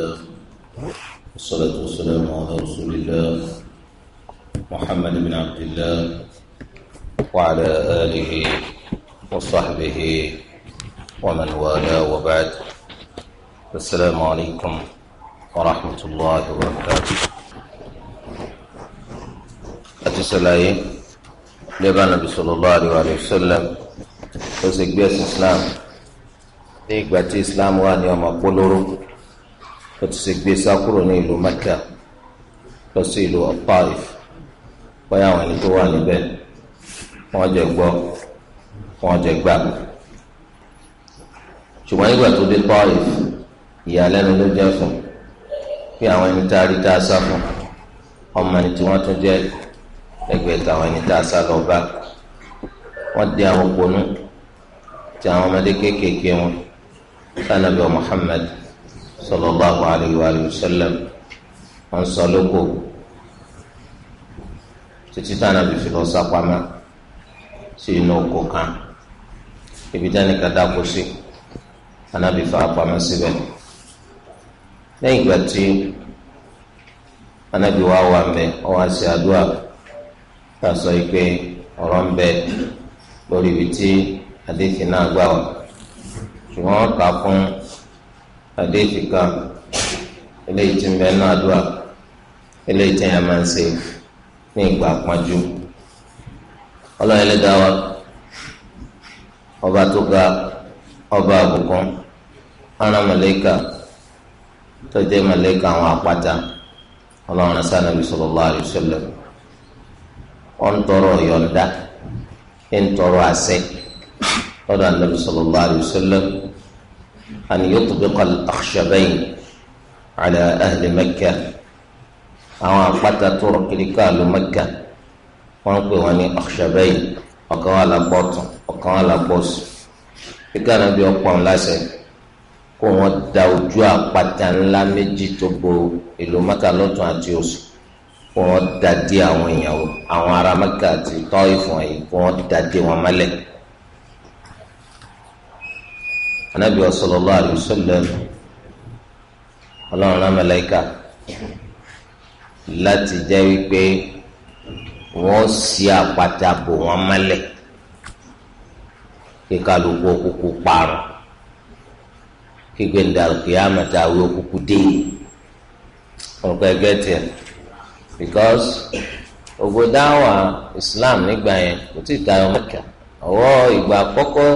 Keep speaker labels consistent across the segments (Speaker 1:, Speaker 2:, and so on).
Speaker 1: الله والصلاة والسلام على رسول الله محمد بن عبد الله وعلى آله وصحبه ومن والاه وبعد السلام عليكم ورحمة الله وبركاته أتسلعي لبنى النبي صلى الله عليه وسلم وزيك بيس إسلام ديك باتي إسلام واني وما قلورو ó ti ṣe gbé sá kúrò ní ìlú Mẹ́kà lọ sí ìlú Taif bóyá àwọn ẹni tó wà níbẹ̀ wọ́n jẹ gbọ́ wọ́n jẹ gbà ṣùgbọ́n nígbà tó dé Taif ìyàlẹ́nu ló jẹ́ fún bí àwọn ẹni tá a rí tá a sá fún ọmọ ẹni tí wọ́n tún jẹ́ ẹgbẹ́ táwọn ẹni tá a sá lọ bá wọ́n di àwọn òpónú ti àwọn ọmọdé kéékèèké wọn sanabi Muhammad sallallahu alayhi wa sallam wọ́n sọ lóko títí táwọn àbí fi lọ sápamọ́ sí inú oko kan ibi táwọn kàdá kó sí anábì fa apamọ́ síbẹ̀ lẹ́yìn ìgbà tí anábì wa wà mbẹ ọwọ́ àti àdúrà tá a sọ yìí pé ọ̀rọ̀ ń bẹ lórí ibi tí adéfin náà gbà wọ́n ṣùgbọ́n wọ́n kà á fún àdéhìí kan eléyìí tí ń bẹ náà dùn à eléyìí tí yẹn máa ń ṣe ní ìgbà pọ́njú ọlọ́run ẹlẹ́dàá wa ọba tó ga ọba àbùkún ara màlẹ́kà tó jẹ́ màlẹ́kà àwọn àpáta ọlọ́run sànàbí sallallahu alaihi wasallam wọ́n ń tọrọ yọ̀ǹda ń tọrọ àṣẹ lọ́dọ̀ ànàbí sallallahu alaihi wasallam. أن يطبق الأخشبين على أهل مكة أو حتى ترك ركال مكة ونقول أن أخشبين وقال بطن وقال بوس كان بيقوم لاسك kó wọn da ojú àpáta ńlá méjì tó bo ìlú mẹ́kà lọ́tún àti oṣù kó wọn da dé àwọn èèyàn àwọn ará mẹ́kà àti tọ́ìfù wọ̀nyí kó wọn da dé wọn mọ́lẹ̀ anabi sallallahu alaihi wasallam Ọlọ́run náà mẹlẹka láti jẹ́ wípé wọ́n ṣí àpáta bò wọ́n mọ́lẹ̀ kí kálukú òkúkú parun kí gbẹndàlùkì àmàtà wí òkúkú dé ọ̀pọ̀ ẹgbẹ́ tiẹ̀ because ògbódáwà Islam nígbà yẹn kò tí ì tayọ Mẹ́kà ọwọ́ ìgbà àkọ́kọ́.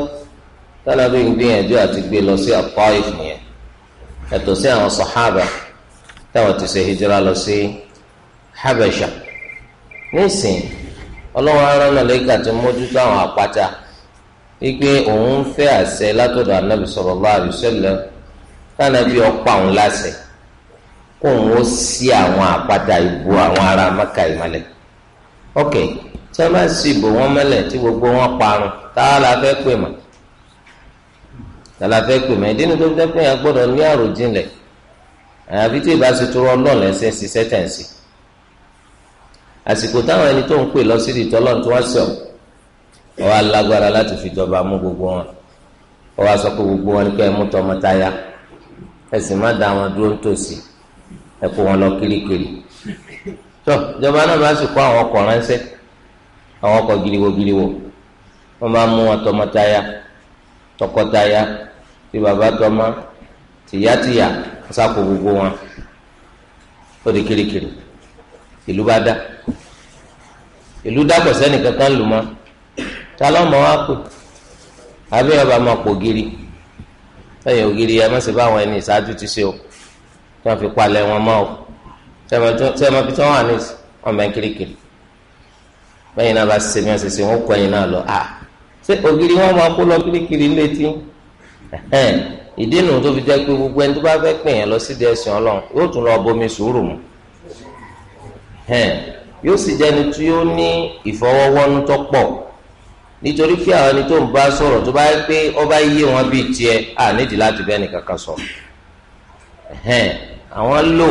Speaker 1: tálàbí gbìyànjú àti gbé lọ sí Taif nìyẹn ẹ̀tọ́ sí àwọn táwọn ti ṣe hijira lọ sí Habasha nísìn ọlọ́wọ́n arán náà lẹ́gà tó mójútó àwọn àpáta wípé òun fẹ́ àṣẹ látọ̀dọ̀ anábì sallallahu alaihi wasallam tánàbí ọ̀pá òun láṣẹ kó ó sí àwọn àpáta ìbò àwọn ará Mẹ́kà ìmọ̀lẹ̀ ok tí wọ́n bá sì bò wọ́n mẹ́lẹ̀ tí gbogbo wọn parun la fẹ́ pè mọ́ tàlàfẹ́ pè mẹ́ ìdí ni tó fẹ́ pé yẹn gbọ́dọ̀ ní àròjinlẹ̀ àyàfi tí ìbá ṣe tọrọ ọlọ́ọ̀lẹ́ ṣe ń ṣiṣẹ́ tẹ̀sí àsìkò táwọn ẹni tó ń pè lọ sí ìdìtọ́ lọ́n tí wọ́n sọ̀ ọ wá lágbára láti fi jọba mú gbogbo wọn ọ wá sọ pé gbogbo wọn ní kẹ́ ẹ mú tọmọtaya ẹ sì má da wọn dúró nítòsí ẹ kó wọn lọ kirikiri tó ìjọba náà bá sì kó àwọn ọkọ̀ ránṣẹ́ àwọn ọkọ̀ giriwo giriwo wọ́n máa mú wọn tọmọtaya tọkọtaya tí bàbá tọmọ tìyátìyà sáko gbogbo wọn ó di kirikiri ìlú bá dá ìlú dàpọ̀ sẹ́ni kankan lù mọ́ ta ló mọ̀ wá pè àbí ọba máa pò giri lẹ́yìn ògiri ẹ má ṣe bá àwọn ẹni ìṣáájú ti ṣe o tí wọ́n fi palẹ̀ wọn mọ́ o tẹ́ ẹ máa fi tán wà ní ọmọ ẹ kirikiri lẹ́yìn náà bá ṣe bí wọ́n ṣe ṣe wọ́n kọ́ náà lọ a. Ah ṣé ògiri wọn máa kó lọ kirikiri létí ìdí nu tó fi jẹ́ pé gbogbo ẹni tó bá fẹ́ pè yẹn lọ sídìí ẹ̀sìn Ọlọ́run yóò tún lọ bomi sùúrù mu yóò sì jẹ́ni tí yóò ní ìfọwọ́wọ́nú tó pọ̀ nítorí kí àwọn ẹni tó ń bá sọ̀rọ̀ tó bá yẹ pé ọba yé wọn bíi tiẹ̀ à nídìí láti bẹ́ẹ̀ nìkan kan sọ̀rọ̀ àwọn lò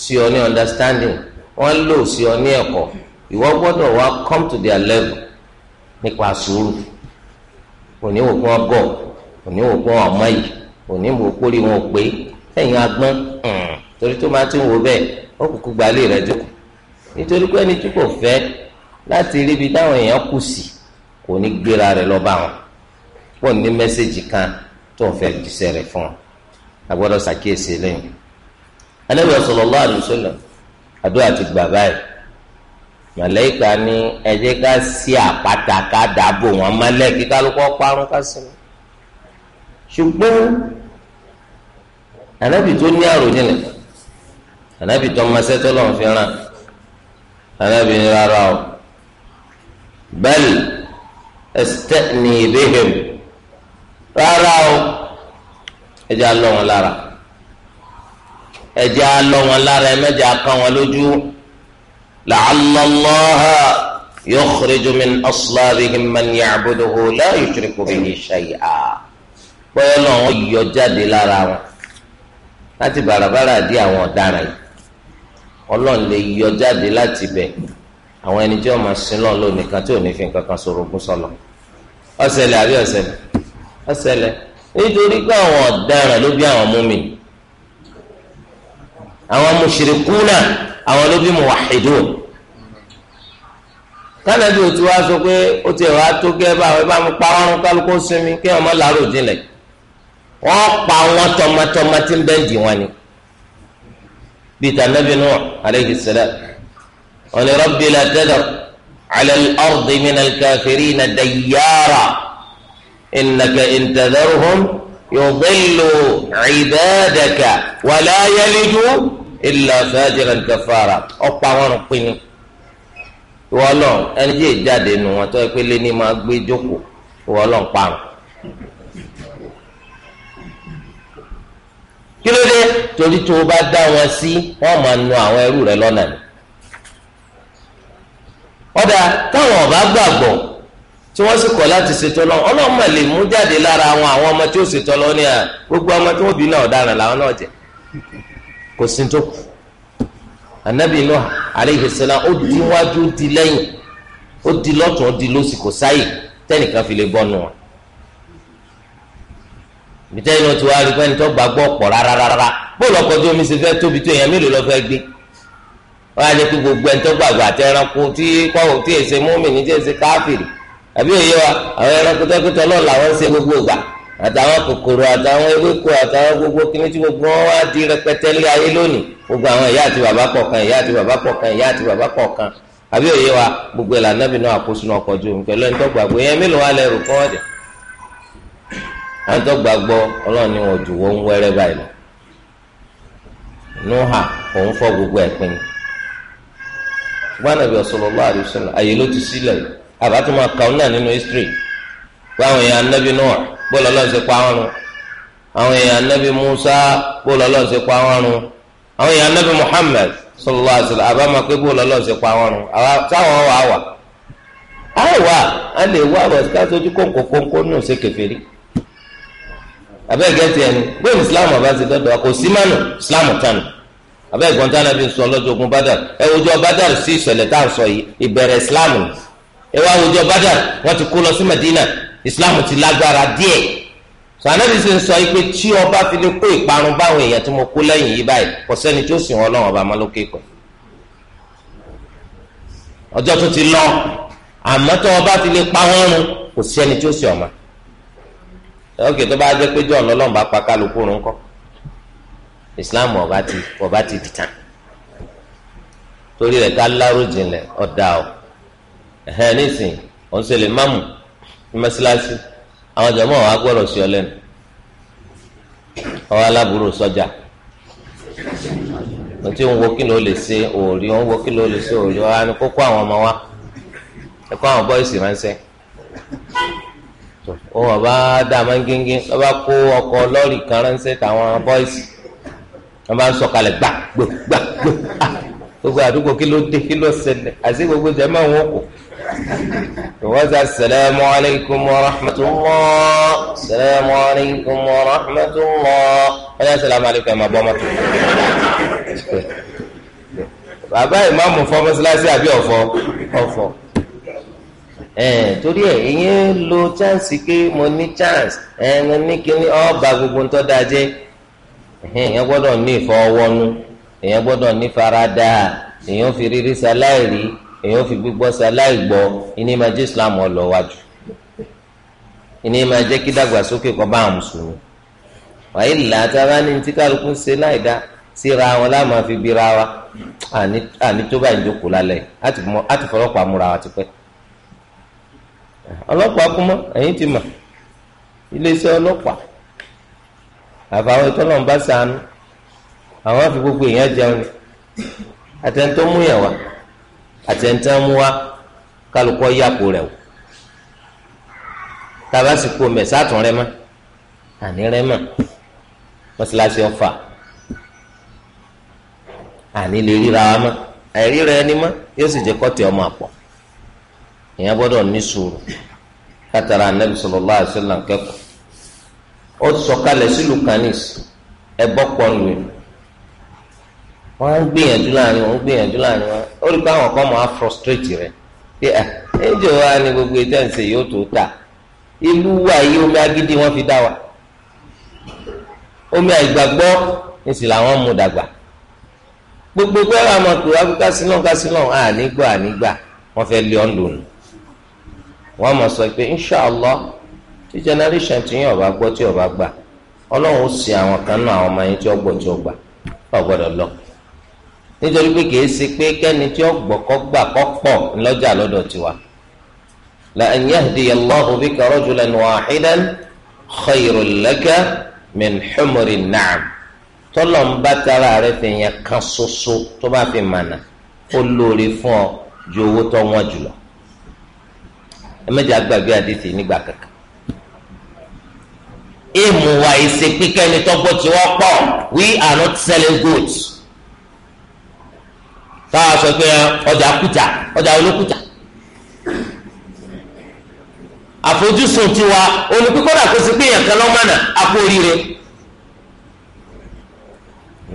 Speaker 1: sí ọ ní understanding wọ́n lò sí ọ ní ẹ̀kọ́ ìwọ gbọ́dọ̀ wá come to their level nípa sùúrù òní wò kó ọgọ òní wò kó ọmọ yìí òní wò kó rí wọn pé ẹ̀yin agbọ́n torí tó máa ti ń wo bẹ́ẹ̀ ó kúkú gbalé rẹ̀ jókòó nítorí pé ẹni tí kò fẹ́ láti rí ibi táwọn èèyàn kù sí kò ní gbéra rẹ̀ lọ bá wọn pọ̀ ní mẹ́sẹ̀gì kan tó ń fẹ́ jíṣẹ́ rẹ̀ fún wọn agbọ́dọ̀ ṣàkíyèsí lẹ́yìn
Speaker 2: alẹ́ bí sallallahu alaihi
Speaker 1: wasallam àdúrà ti gbà báyìí màlẹ́kà ni ẹ jẹ́ ká sí àpáta ká dàbò wọn mọ́lẹ̀ kí kálukọ́ parun ká sí wọn. ṣùgbọ́n ànábì tó ní àròjìnlẹ̀ ànábì tó máa ṣẹ́tọ́ lọ́n fi ràn ànábì ní rárá o bal asta'ni bihim rárá o ẹ á lọ́ wọn lára ẹ á lọ́ wọn lára ẹ á kán wọn lójú. لعل الله يخرج من أصلابهم من يعبده لا يشرك به شيئا bọ́yọ̀ náà wọ́n yọ jáde lára wọn láti bàràbàrà dí àwọn ọ̀daràn yìí ọlọ́run lè yọ jáde láti bẹ̀ àwọn ẹni tí wọ́n máa sin lọ́n lónìí kan tí ò ní fi nǹkan kan sorogún sọ̀lọ̀ ọ̀sẹ̀lẹ̀ àbí ọ̀sẹ̀lẹ̀ ọ̀sẹ̀lẹ̀ nítorí pé àwọn ọ̀daràn ló bí àwọn múmi àwọn mùṣírikúnà àwọn ló bí muwahhidun kánàbí òtún wá sọ pé ó ti wá tó gẹ́ bá àwọn ẹbá mi pa ọrùn kálukú sinmi kí wọn má làárò jinlẹ̀ wọ́n pa wọn tọmọtọmọ tí ń bẹ́ẹ̀ dì wọn ni bíi tànàbí Nuh alayhi salam wọn ni la tadhar ala al-ardi min al-kafirina dayyara innaka in tadharhum yudillu ibadaka wa la yalidu. ilà fàájìrán kẹfàrà ọ̀pọ̀ àwọn ọ̀rùn pinnu ẹni tí ìjáde nù wọn tó ẹ pé lẹni máa gbé jókòó ìwọ Ọlọ́run parun. kí ló dé torí tó o bá dá wọn sí wọn máa nu àwọn ẹrú rẹ lọ́nà ni. ọ̀dà táwọn gbàgbọ́ tí wọ́n sì kọ̀ láti ṣètò lè mú jáde lára àwọn àwọn ọmọ tí ó ṣètò gbogbo ọmọ tí wọ́n bí náà ọ̀daràn kò sí tó kù anabi Nuh alayhi salam ó di wájú ó di lẹ́yìn ó di lọ́tún ó di lọ́sì kò sáyè tẹ́nìkan fi lè bọ́nu wọn bìtẹ́ inú tí wàá rí pẹ́ni tó gbàgbọ́ pọ̀ rárára bóòlù ọkọ̀ tí omi ṣe fẹ́ tóbi tó èèyàn mélòó lọ fẹ́ gbé wọ́n á jẹ́ pé gbogbo ẹni tó gbàgbọ́ àti ẹranko tí kọ́wọ́ tí èsè mùmínì tí èsè káfìrì àbí òye wa àwọn ẹranko tó kútọ́ lọ́ọ̀ ṣe gbogbo ìgbà àtàwọn kòkòrò àtàwọn ewéko àtàwọn gbogbo kíní tí gbogbo wọn wá di rẹpẹtẹ lé ayé lónìí gbogbo àwọn ìyá àti bàbá kọ̀ọ̀kan ìyá àti bàbá kọ̀ọ̀kan ìyá àti bàbá kọ̀ọ̀kan àbí òye gbogbo ìlànà bínú àkóso náà kọjú pẹ̀lú ẹni tó yẹn mélòó wà lẹ́rù kọ́ ọ̀dẹ̀ ẹni tó gbàgbọ́ ọlọ́run ni jù wọ́n ń wẹ́rẹ́ bóòlù ọlọ́run pa wọn anabi musa bóòlù ọlọ́run pa wọn àwọn èèyàn anabi muhammed sallallahu alaihi wasallam àbámọ pé bóòlù pa wọn run táwọn wà wà àìwá a lè wá àwọn ẹ̀ka tó islamu kóńkó kóńkó ṣe kẹfẹ́rí abẹ́ẹ̀gẹ́ tiẹ̀ ni bóyá islam ọba ti dọ́dọ̀ kò sí mánu islam sọ lọ́jọ́ ogun ẹ wojú sí ìṣẹ̀lẹ̀ islam ti lágbára díẹ̀ sọ anábì sì ń sọ pé tí ọba fi lè kó ìparun báwọn èèyàn tí mo kó lẹ́yìn yìí báyìí kò sẹ́ni tí ó sìn wọn lọ́wọ́ ọba malókè pẹ̀ ọjọ́ tó ti lọ àmọ́ tó ọba fi lè pa wọ́n run kò sẹ́ni tí ó sìn ọmọ ọkè tó bá jẹ́ pé jọ̀ọ́ lọ́lọ́run bá pa kálukú run kọ́ islam ọba ti ọba ti dìtàn torí rẹ̀ ká lárò jinlẹ̀ ọ̀dà ọ̀ ẹ̀hẹ́n nísìnyí òun ṣe lè má mú ní mọ́sálásí àwọn jọmọ́ wa gbọ́dọ̀ sí ọ lẹ́nu ọwọ́ aláburú sọ́jà mo ti ń wo kí ló lè ṣe òòrí ó ń wo kí ló lè ṣe òòrí wa ni kókó àwọn ọmọ wa ẹ̀kọ́ àwọn bọ́ìsì ránṣẹ́ òun ọba dá a máa ń gíngín lọ́ba kó ọkọ̀ lọ́ọ̀rì kan ránṣẹ́ tàwọn bọ́ìsì wọ́n bá ń sọ̀kalẹ̀ gbà ah, gbogbo àdúgbò kí ló dé kí ló ṣẹlẹ̀ àti gbogbo jẹ́ máa ń wọ́n wọ́n sàlámù alaykum wa rahmatulah sàlámù alaykum wa rahmatulah wọ́n yà sàlámù alaykum ẹ̀ máa bọ́ mọ́tò. bàbá ìmáàmù fọ́ mọ́sálásí àbí ọ̀fọ́ ọ̀fọ́ torí ẹ ìyẹn lo chance pé mo ní chance mo ní kíní ọba gbogbo ń tọ́ da jẹ́ èèyàn gbọ́dọ̀ ní ìfọwọ́nú èèyàn gbọ́dọ̀ ní farada èèyàn fi rírí sáláìrí èèyàn fi gbígbọ́ sí aláìgbọ́ ìní máa jẹ́ islam ọlọ́wájú ìní máa jẹ́ kí dàgbàsókè kọ́ bá àwọn mùsùlùmí wàyí làtàrà ní tí kálukú ń ṣe láìdá síra wọn láàmú àfi bíra wa àní tó báyìí jókòó lálẹ́ àti fọlọ́pàá múra wa tipẹ́ ọlọ́pàá kú mọ́ ẹ̀yìn ti mọ̀ iléeṣẹ́ ọlọ́pàá àfàwọn ìtọ́nà sànú àwọn àfi gbogbo èèyàn jẹun ni àtẹnudọ́ múyàn wa àti ẹni tí wọ́n mú wá kálukọ́ yàpò rẹ̀ o tàbá sì kó mẹ̀ sátún rẹ̀ mọ́ àní rẹ̀ mọ́ mọ́sálásí ọ̀fà àní lè ríra wa mọ́ àìríra ẹni mọ́ yóò sì jẹ́ kọ́tẹ̀ ọmọ àpọ̀ èèyàn gbọ́dọ̀ ní sùúrù látara anabi sallallahu alaihi wasallam kẹ́kọ̀ọ́ ó sọ̀kalẹ̀ sílùú kanis ẹbọ pọnlu wọn ń gbìyànjú láàrin wọn gbìyànjú láàrin wọn ó rí pé àwọn kan máa frustrate rẹ pé ah, ẹ ẹjọ wa gbogbo ètò ẹ̀sìn tó ta ìlú wa omi agídí wọn fi dá wa omi làwọn mú dàgbà gbogbo àwọn sílọ̀ ká sílọ̀ ànígbà ànígbà wọn fẹ́ lé ọ́n lónìí wọn mọ̀ sọ pé tí generation tí ọba gbọ́ ọba gbà ọlọ́run ó sin àwọn kan náà àwọn ọmọ tí nítorí pé kìí ṣe pé kẹ́ni tí ó gbọ̀kọ́ gbà kọ́ pọ̀ ńlọ́jà lọ́dọ̀ tiwa. la an yahdiya Allahu bika rajulan wahidan khayrun laka min humri na'am tọ́lọ̀ ń bá tara rẹ̀ fi yẹn kan ṣoṣo tó bá fi mànà ó lóore fún ọ ju owó tó wọ́n jùlọ. ẹ méjì àgbàgbé àdìsí nígbà kankan ìmùwà ìsèpínkẹ́ni tọ́gbọ́ tí pọ̀ we are not selling goods. táwa sọ pé ọjà kújà ọjà olókùjà àfojúsùn tiwa olùkíkọ́dà kó sí pé èèyàn kan lọ́mọ́nà apò oríire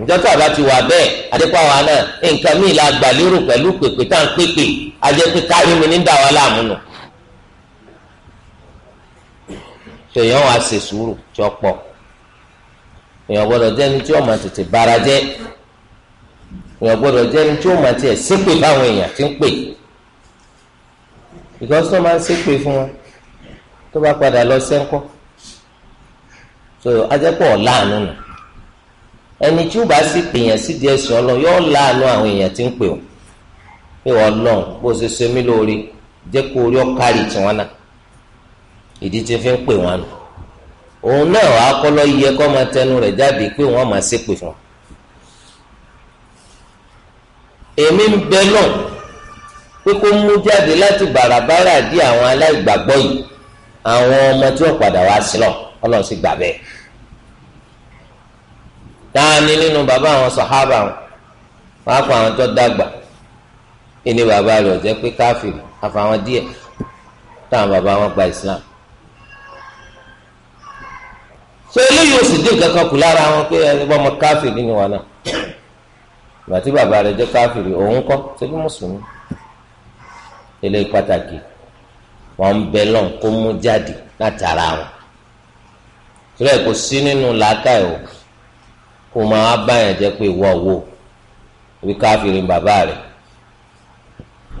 Speaker 1: Njọta àbá ti wà bẹ́ẹ̀ adépáwa náà nǹkan míì la gbà lérò pẹ̀lú pèpè tá à ń pèpè ajẹ́ pé mi ní dàwa láàmú nù. tèèyàn wá ṣe sùúrù tí ó èèyàn gbọ́dọ̀ jẹ́ ẹni tí ó máa ẹ̀ ṣépè fáwọn èèyàn tí ń pè because tó máa ń fún wọn tó bá padà lọ sẹ́ńkọ́ so ajẹ́pọ̀ láàánú nù ẹni tí ó bá sì pè yàn sí díẹ̀ sí ọlọ́run yóò láàánú àwọn èèyàn ti ń pè ọ́ pé ọlọ́run bó ṣe ṣe mí lóore jẹ́ kó orí ọ̀kárì tí wọ́n ìdí tí fi ń pè wọ́n nù òun náà akọ́lọ́ yẹ máa tẹnu rẹ̀ jáde pé wọ́n máa fún wọn èmi ń bẹ náà pé kó mú jáde láti bàràbàrà dí àwọn aláìgbàgbọ́ yìí àwọn ọmọ tí wọ́n padà wá sílọ̀ ọlọ́run sì gbà bẹ́ẹ̀. táàní nínú bàbá àwọn sàhábà wọn wàá kó àwọn tó dàgbà ẹni bàbá rẹ̀ jẹ́ pé káfíìn àfàwọn díẹ̀ táwọn bàbá wọn gba Islam. ṣé eléyìí ò sì dín kankan kù lára wọn pé ẹni bọ́ ọmọ káfíìn nínú wọn náà ìgbà tí bàbá rẹ̀ jẹ́ káfìrí òun kọ́ ṣebí mùsùlùmí eléyìí pàtàkì wọn ń bẹ lọ́n kó mú jáde látara wọn torí ẹ̀ kò sí nínú làákàyè o kó máa báyàn jẹ́ pé ìwọ wo ibi káfìrí bàbá rẹ̀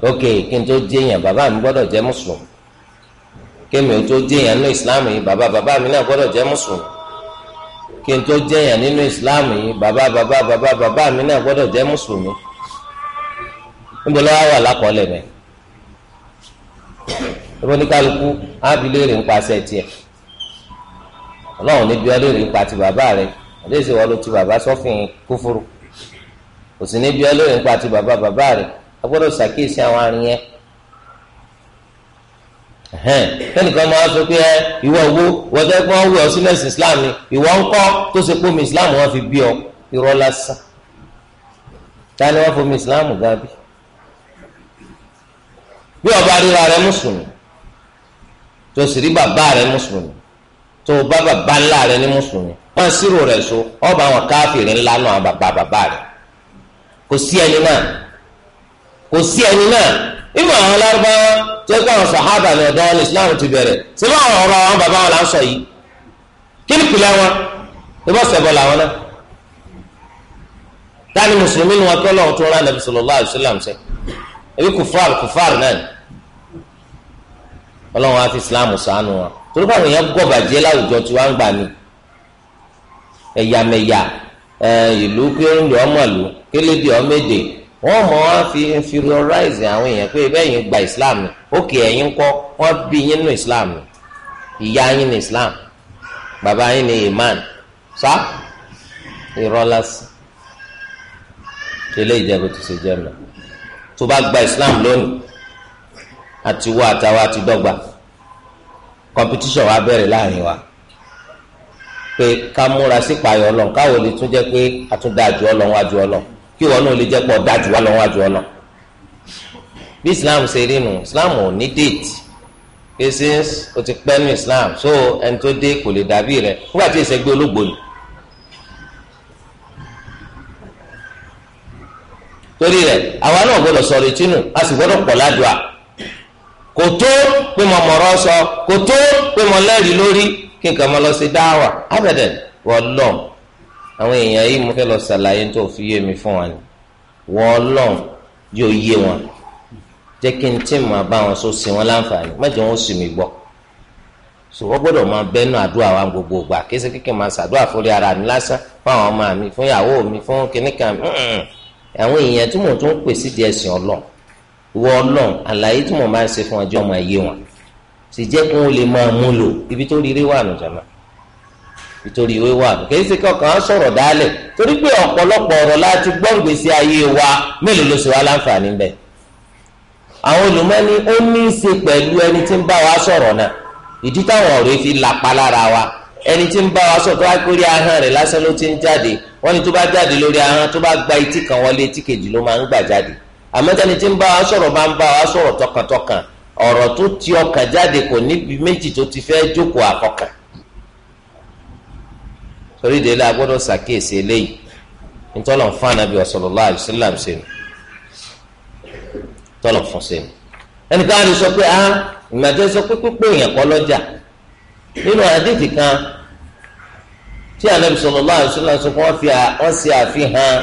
Speaker 1: ok kí n tó jẹyàn bàbá mi gbọ́dọ̀ jẹ́ mùsùlùmí kémi ò tó jẹyàn ní ìsìláàmù yìí bàbá bàbá mi náà gbọ́dọ̀ jẹ́ mùsùlùmí kí n tó jẹyàn nínú islam yìí bàbá bàbá bàbá bàbá mi náà gbọ́dọ̀ jẹ́ mùsùlùmí níbo ló wá wà lákọọ́lẹ̀ mẹ́ níbo ní kálukú ábílẹ̀ rè ń paṣẹ tiẹ̀ ọlọ́run níbi ọlẹ́rìí ń pa ti bàbá rẹ ọlẹ́sẹ̀ wọ́n ló ti bàbá sọ́fìn kúfúrú kò sí níbi ọlẹ́rìí ń pa ti bàbá bàbá rẹ a gbọ́dọ̀ ṣàkíyèsí àwọn arìyẹn tẹnìkan máa sọ pé ẹ ìwọ owó wọ́tẹ́ pé wọ́n wí sílẹ̀ sí islam ni ìwọ ń islam wọn fi bí ọ irọ́ lásán ta ni wọ́n fomi islam gan bí bí ọba ríra rẹ mùsùlùmí tó sì rí bàbá rẹ mùsùlùmí tó bá bàbá ńlá rẹ ní mùsùlùmí wọ́n sírò rẹ̀ so ọba àwọn káfíìrì ńlá náà bàbá bàbá rẹ kò sí ẹni náà kò sí jẹ́ pé àwọn sàhábà ní ọ̀dọ́ ní islam ti bẹ̀rẹ̀ síbí àwọn ọ̀rọ̀ àwọn bàbá wọn là ń sọ yìí kí ni pìlẹ̀ wọn ìbọ̀ sẹ̀bọ̀ làwọn náà
Speaker 2: táni mùsùlùmí ni wọn kọ́ lọ́wọ́ tó rán nàbí
Speaker 1: sallallahu alaihi wasallam sẹ́ ebi kùfàr kùfàr náà ni ọlọ́wọ́n á fi islam sànù wọn torí pé àwọn èèyàn gọ̀bàjẹ́ láwùjọ tí wọ́n ń gbà ní ẹ̀yàmẹ̀yà ìlú pé ń ọmọ ìlú kélédè òkè ẹ̀yin kọ́ wọ́n bí yín nínú islam ìyá yín ní islam bàbá yín ní iman sá ìrọ́lásì tẹ́lẹ̀ ìjẹ́bù tó ṣe jẹ́ mi tó bá gba islam lónìí àti wọ àtàwọn àti dọ́gba competition wa bẹ̀rẹ̀ láàrin wa pé ká múra sí payọ̀ ọlọ́run káwọn lè tún jẹ́ pé àtúndájú ọlọ́run wájú ọlọ́run kí wọn náà lè jẹ́ pọ̀ dájú wá lọ́wọ́ wájú ọlọ́run bí islam ṣe rí nu islam ò ní déètì pèsè o ti pẹ́ nu islam so ẹni tó dé kò lè dàbí rẹ nígbà tí ìṣẹ́gbẹ́ olóògbò ni. torí rẹ àwa náà gbọ́dọ̀ sọ̀rọ̀ ìtinú a sì gbọ́dọ̀ pọ̀ ládùá kò tó pé mo mọ̀rọ̀ sọ kò tó pé mo lẹ́rìí lórí kí nǹkan mo lọ sí dáwà abẹ́dẹ̀ wọ́lọ́ àwọn èèyàn yìí mo fẹ́ lọ ṣàlàyé tó fi yé mi fún wa ni wọ́lọ́ yóò yé wọn jẹ́ kí n tí mo bá wọn so sí wọn láǹfààní má jẹ́ wọn sì mí gbọ́ so wọ́n gbọ́dọ̀ máa bẹ́nu àdúrà wa gbogbo ìgbà kése kékeré máa ṣàdúrà fúnri ara mi lásán fún àwọn ọmọ mi fún ìyàwó mi fún kìnnìkan mi àwọn èèyàn tí mo tún pè sí di ẹ̀sìn ọlọ́run ìwọ ọlọ́run àlàyé tí mo máa ń ṣe fún ọjọ́ ọmọ ayé wọn sì jẹ́ kí wọ́n lè máa mú lò ibi tó rí rí wà nù jàmá ibi tó rí rí wà nù kése kọkàn sọ̀rọ̀ dálẹ̀ torí pé ọ̀pọ̀lọpọ̀ ọ̀rọ̀ láti gbọ́ ayé wa mélòó ló ṣe wá láǹfààní bẹ́ẹ̀ àwọn olùmọ́ni ó ní í ṣe pẹ̀lú ẹni tí ń bá wa sọ̀rọ̀ náà ìdí táwọn ọ̀rẹ́ fi lára wa ẹni tí ń bá wa sọ̀rọ̀ tó wá pé ahọ́n rẹ̀ lásán ló ti ń jáde wọ́n ní tó bá jáde gba etí kan wọlé etí kejì ló máa ń gbà jáde àmọ́ tẹ́ni tí ń bá wa sọ̀rọ̀ bá ń bá wa sọ̀rọ̀ tọkàntọkàn ọ̀rọ̀ tó ti ọkàn jáde kò níbi méjì tó ti fẹ́ jókòó tọ́lọ̀ fún sí ni ẹnìkan á lè sọ pé ah ìmọ̀jẹ́ sọ pé pípé èèyàn kọ́ lọ́jà nínú àdéhì kan tí Ànábì sallallahu alaihi wasallam sọ pé wọ́n fi wọ́n ṣe àfihàn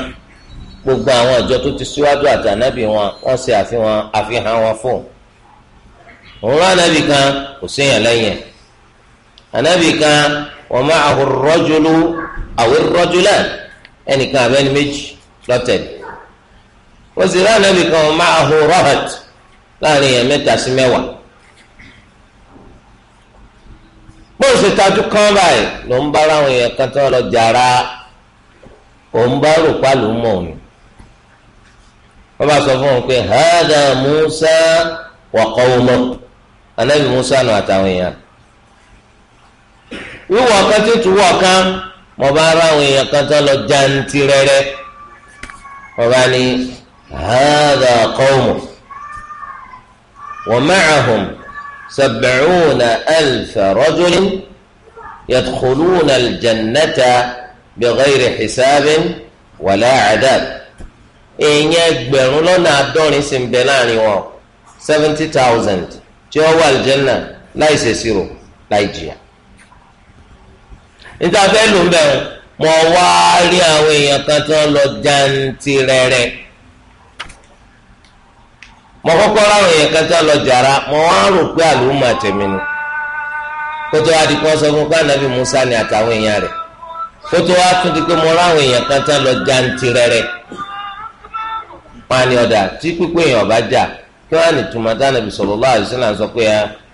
Speaker 1: gbogbo àwọn ìjọ tó ti síwájú àti ànábì wọn wọ́n ṣe àfihàn wọn fún òun rán ànábì kan kò séèyàn lẹ́yìn ẹ̀ kan wa ma'ahu ar-rajulu aw ar-rajulan ẹnìkan àbẹ́ni méjì lọ́tẹ̀lẹ̀ wọ́n sì rán anabi kan máa láàrin yẹn mẹ́ta sí mẹ́wàá bóun ṣe tajú kán báyìí ló ń bá ráwọn yẹn kan tó lọ jàrá bá rò pálù sọ fún pé Musa wà kọ́wọ́ Musa nù àtàwọn èèyàn wíwọ̀ kan wọ̀ kan mo bá èèyàn kan tó هذا قومه ومعهم سبعون ألف رجل يدخلون الجنة بغير حساب ولا عذاب èèyàn ẹgbẹ̀rún lọ́nà àádọ́rin sì ń bẹ láàrin wọn seventy thousand tí wọ́n wà àlùjẹ́nà láì ṣèṣirò láì jìyà. níta fẹ́ lò ń bẹ̀rù mọ̀ wá rí àwọn èèyàn kan tí wọ́n lọ jantirẹrẹ mo kọ́kọ́ ráwọn èèyàn kan lọ jàrá ma ọ rò pé àlùmọ̀ àtẹ̀mí ni kótó wa sọ fún pé ànábì Musa ni àtàwọn èèyàn rẹ̀ kótó tún di pé ráwọn èèyàn kan lọ tí jà kí wọ́n á ní tùmọ̀ sọ pé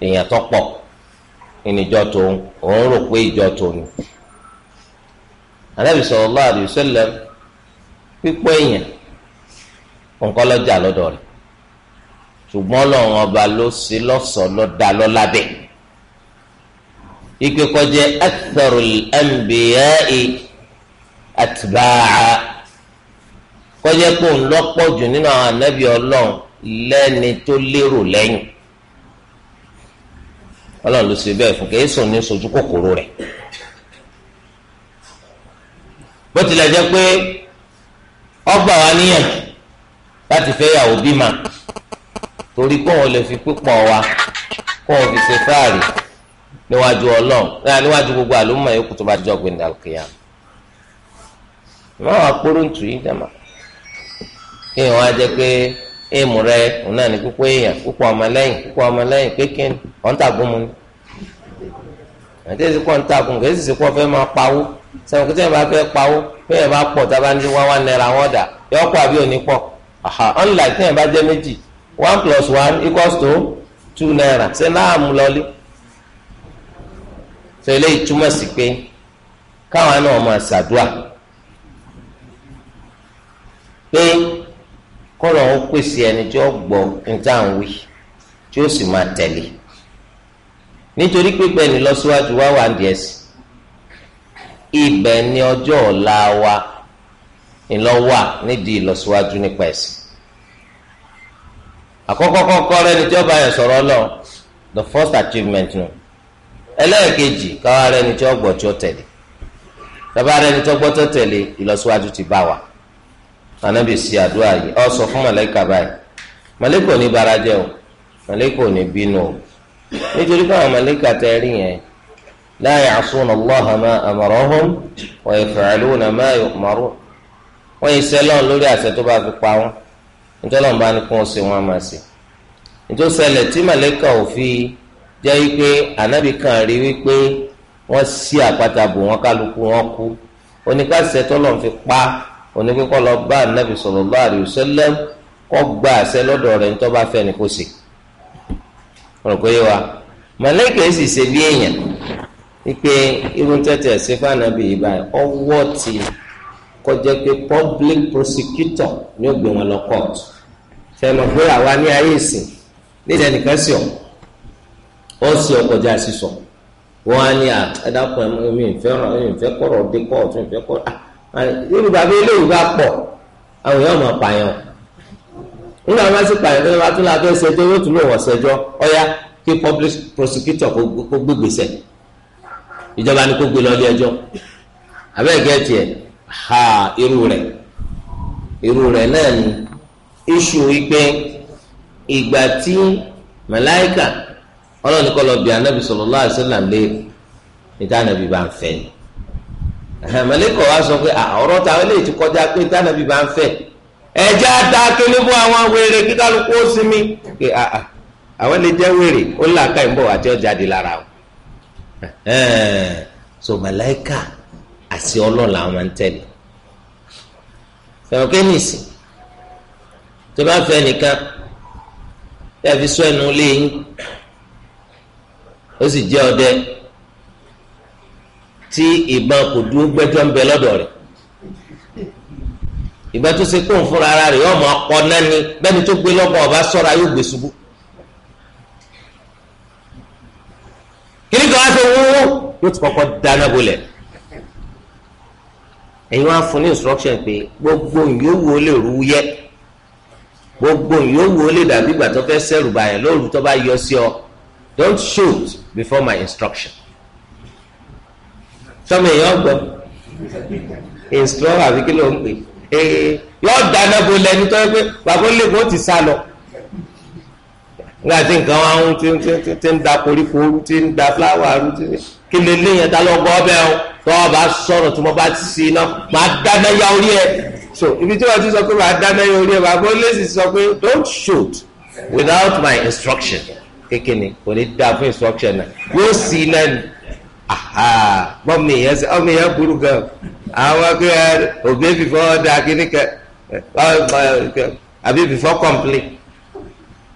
Speaker 1: èèyàn tó pọ̀ ìníjọ́ tó ń òun rò pé ìjọ tó ni ànábì ṣùgbọ́n ọlọ́run ọba ló ṣe lọ́sọ̀ọ́ lọ́dà lọ́lábẹ́ ike kọjá aktharul anbiya'i atba'a kọjá pé òun lọ́pọ̀ jù nínú àwọn ànábì ọlọ́run lẹ́ni tó lérò lẹ́yìn ọlọ́run ló ṣe bẹ́ẹ̀ fún kí èso ní sojú kòkòrò rẹ̀ bó tilẹ̀ jẹ́ pé ọgbà wa níyàn láti fẹ́ yàwó bímọ. torí kọ́ o lè fi pípọ̀ wa kọ́ ọ fi ṣe fáàrí níwájú ọlọ́run náà eh, níwájú gbogbo àlùmọ̀ yòókù tó bá jọ pé rẹ òun náà púpọ̀ èèyàn púpọ̀ púpọ̀ mu ni kọ́ kọ́ fẹ́ máa pawó sẹ́wọ̀n a bá ní wá wá wọn dà àbí one plus one equals to two naira ṣe láàmú lọlé ṣe eléyìí túmọ̀ sí pé káwọn náà máa ṣàdúà pé kọ́lọ̀ ó pèsè ẹni tí ó gbọ́ níta ń wí tí ó sì máa tẹ̀lé nítorí pípẹ́ ní lọ́síwájú wá wà díẹ̀ sí ibẹ̀ ni ọjọ́ ọ̀la wa ńlọ wà nídìí ìlọsíwájú nípa ẹ̀sìn. àkọ́kọ́ kọ́kọ́ rẹ ni tí ó bá sọ̀rọ̀ lọ the first achievement nù ẹlẹ́ẹ̀kejì káwa rẹ ni tí ó tí ó tẹ̀lé bàbá rẹ ni tí tẹ̀lé ìlọsíwájú ti bá wa ànábì sí ọ sọ fún màlẹ́kà báyìí màlẹ́kà ò ní bara o ò ní bínú o nítorí rí yẹn wọ́n yìí sẹ́lọ̀ lórí nítorí wọn bá ní kí wọn ṣe wọn máa ṣe nítorí ṣẹlẹ̀ tí màlẹ́kà ò fi jẹ́ wípé ànábì kan rí wípé wọ́n ṣí àpáta bò wọ́n kálukú wọn kú oníkàṣẹ tọ́lọ̀ fi pa oníkíkọ́ lọ bá ànábì sallallahu alaihi wasallam kọ́ gba àṣẹ lọ́dọ̀ rẹ̀ nítorí bá fẹ́ ni kò sí. rò pé wa màlẹ́kà sì ṣe bí èèyàn wípé irun tẹ́tẹ̀ ṣe fún ànábì yìí báyìí ọwọ́ ti kọjá pé public prosecutor ni ó gbé wọn lọ court fẹmọ pé àwa ní ayé ìsìn níta nìkan sí ọ ó sì ọ kọjá sísọ wọn á ní àdákùn ẹmí ìfẹ́ràn ẹmí ìfẹ́ kọ̀rọ̀ dé court ẹmí ìfẹ́ kọ̀rọ̀ irú bàbá eléyìí bá pọ̀ àwọn èèyàn máa pààyàn nígbà wọn sì pààyàn tó bá tún lọ abẹ́ ṣẹjọ́ yóò tún lò wọ́n ṣẹjọ́ ọ̀yá kí public prosecutor kó gbégbèsè ìjọba ni kó gbé lọ ilé ẹjọ́ abẹ́ẹ̀gẹ́ tiẹ̀ ha irú rẹ irú rẹ náà ni iṣu wípé ìgbà tí màláìkà ọlọ́ni lọ bí anábì sallallahu alaihi wasallam léèrè níta bá ń fẹ́ ni wa sọ pé ọ̀rọ̀ táwọn eléyìí ti kọjá pé níta bá ń fẹ́ ẹjẹ́ ata kele bó àwọn wèrè kíkà ó sinmi àwọn jẹ́ wèrè ó là ká ìbọ̀ àti ọjà di lára o so màláìkà. àṣẹ ọlọ́run làwọn ń tẹ̀lé fẹ̀ràn kẹ́nìsì tó bá fẹ́ nìkan tí a fi sọ ẹnu lé yín ó sì jẹ́ ọdẹ tí ìbọn kò dúró gbẹ́jọ́ ń bẹ lọ́dọ̀ rẹ̀ ìgbà tó ṣe kó ń fúnra ara rẹ̀ ọmọ ọkọ náà ni bẹ́ẹ̀ni tó gbé lọ́gbọ̀n ọba sọ́ra yóò gbé ṣubú. kí ni kò wá ṣe wúwo yóò ti kọ́kọ́ dáná bolẹ̀ ẹ̀yin wá fún ní instruction pé gbogbo yòówù ó lè rú yẹ gbogbo yòówù ó lè dàbí ìgbà tó fẹ́ sẹ́rù bàyàn lóru tó bá yọ sí ọ don't shoot before my instruction sọmọ èèyàn gbọ́ instruction àbí kí ló ń pè é yọ dáná bo lẹni tó yẹ pé bàbá ó lè kó ti sá lọ nígbà tí nǹkan wá ń ti ń da koríko rú ti ń da fúláwà rú ti ń kí lè léyìn ta lọ ọbẹ̀ o tó o bá sọ̀rọ̀ tí mo bá ti sí iná máa dáná ya orí ẹ̀ so ibi tí wọ́n ti sọ pé máa dáná ya orí ẹ̀ bàbá ó lè sọ pé don't shoot without my instruction kékeré ni kò ní dáa fún instruction náà yóò sí iná ni bọ́ọ̀mù èèyàn sí ọmọ èèyàn burú gan àwọn akẹ́kọ̀ọ́ òbí before dá kíní kẹ àbí before complete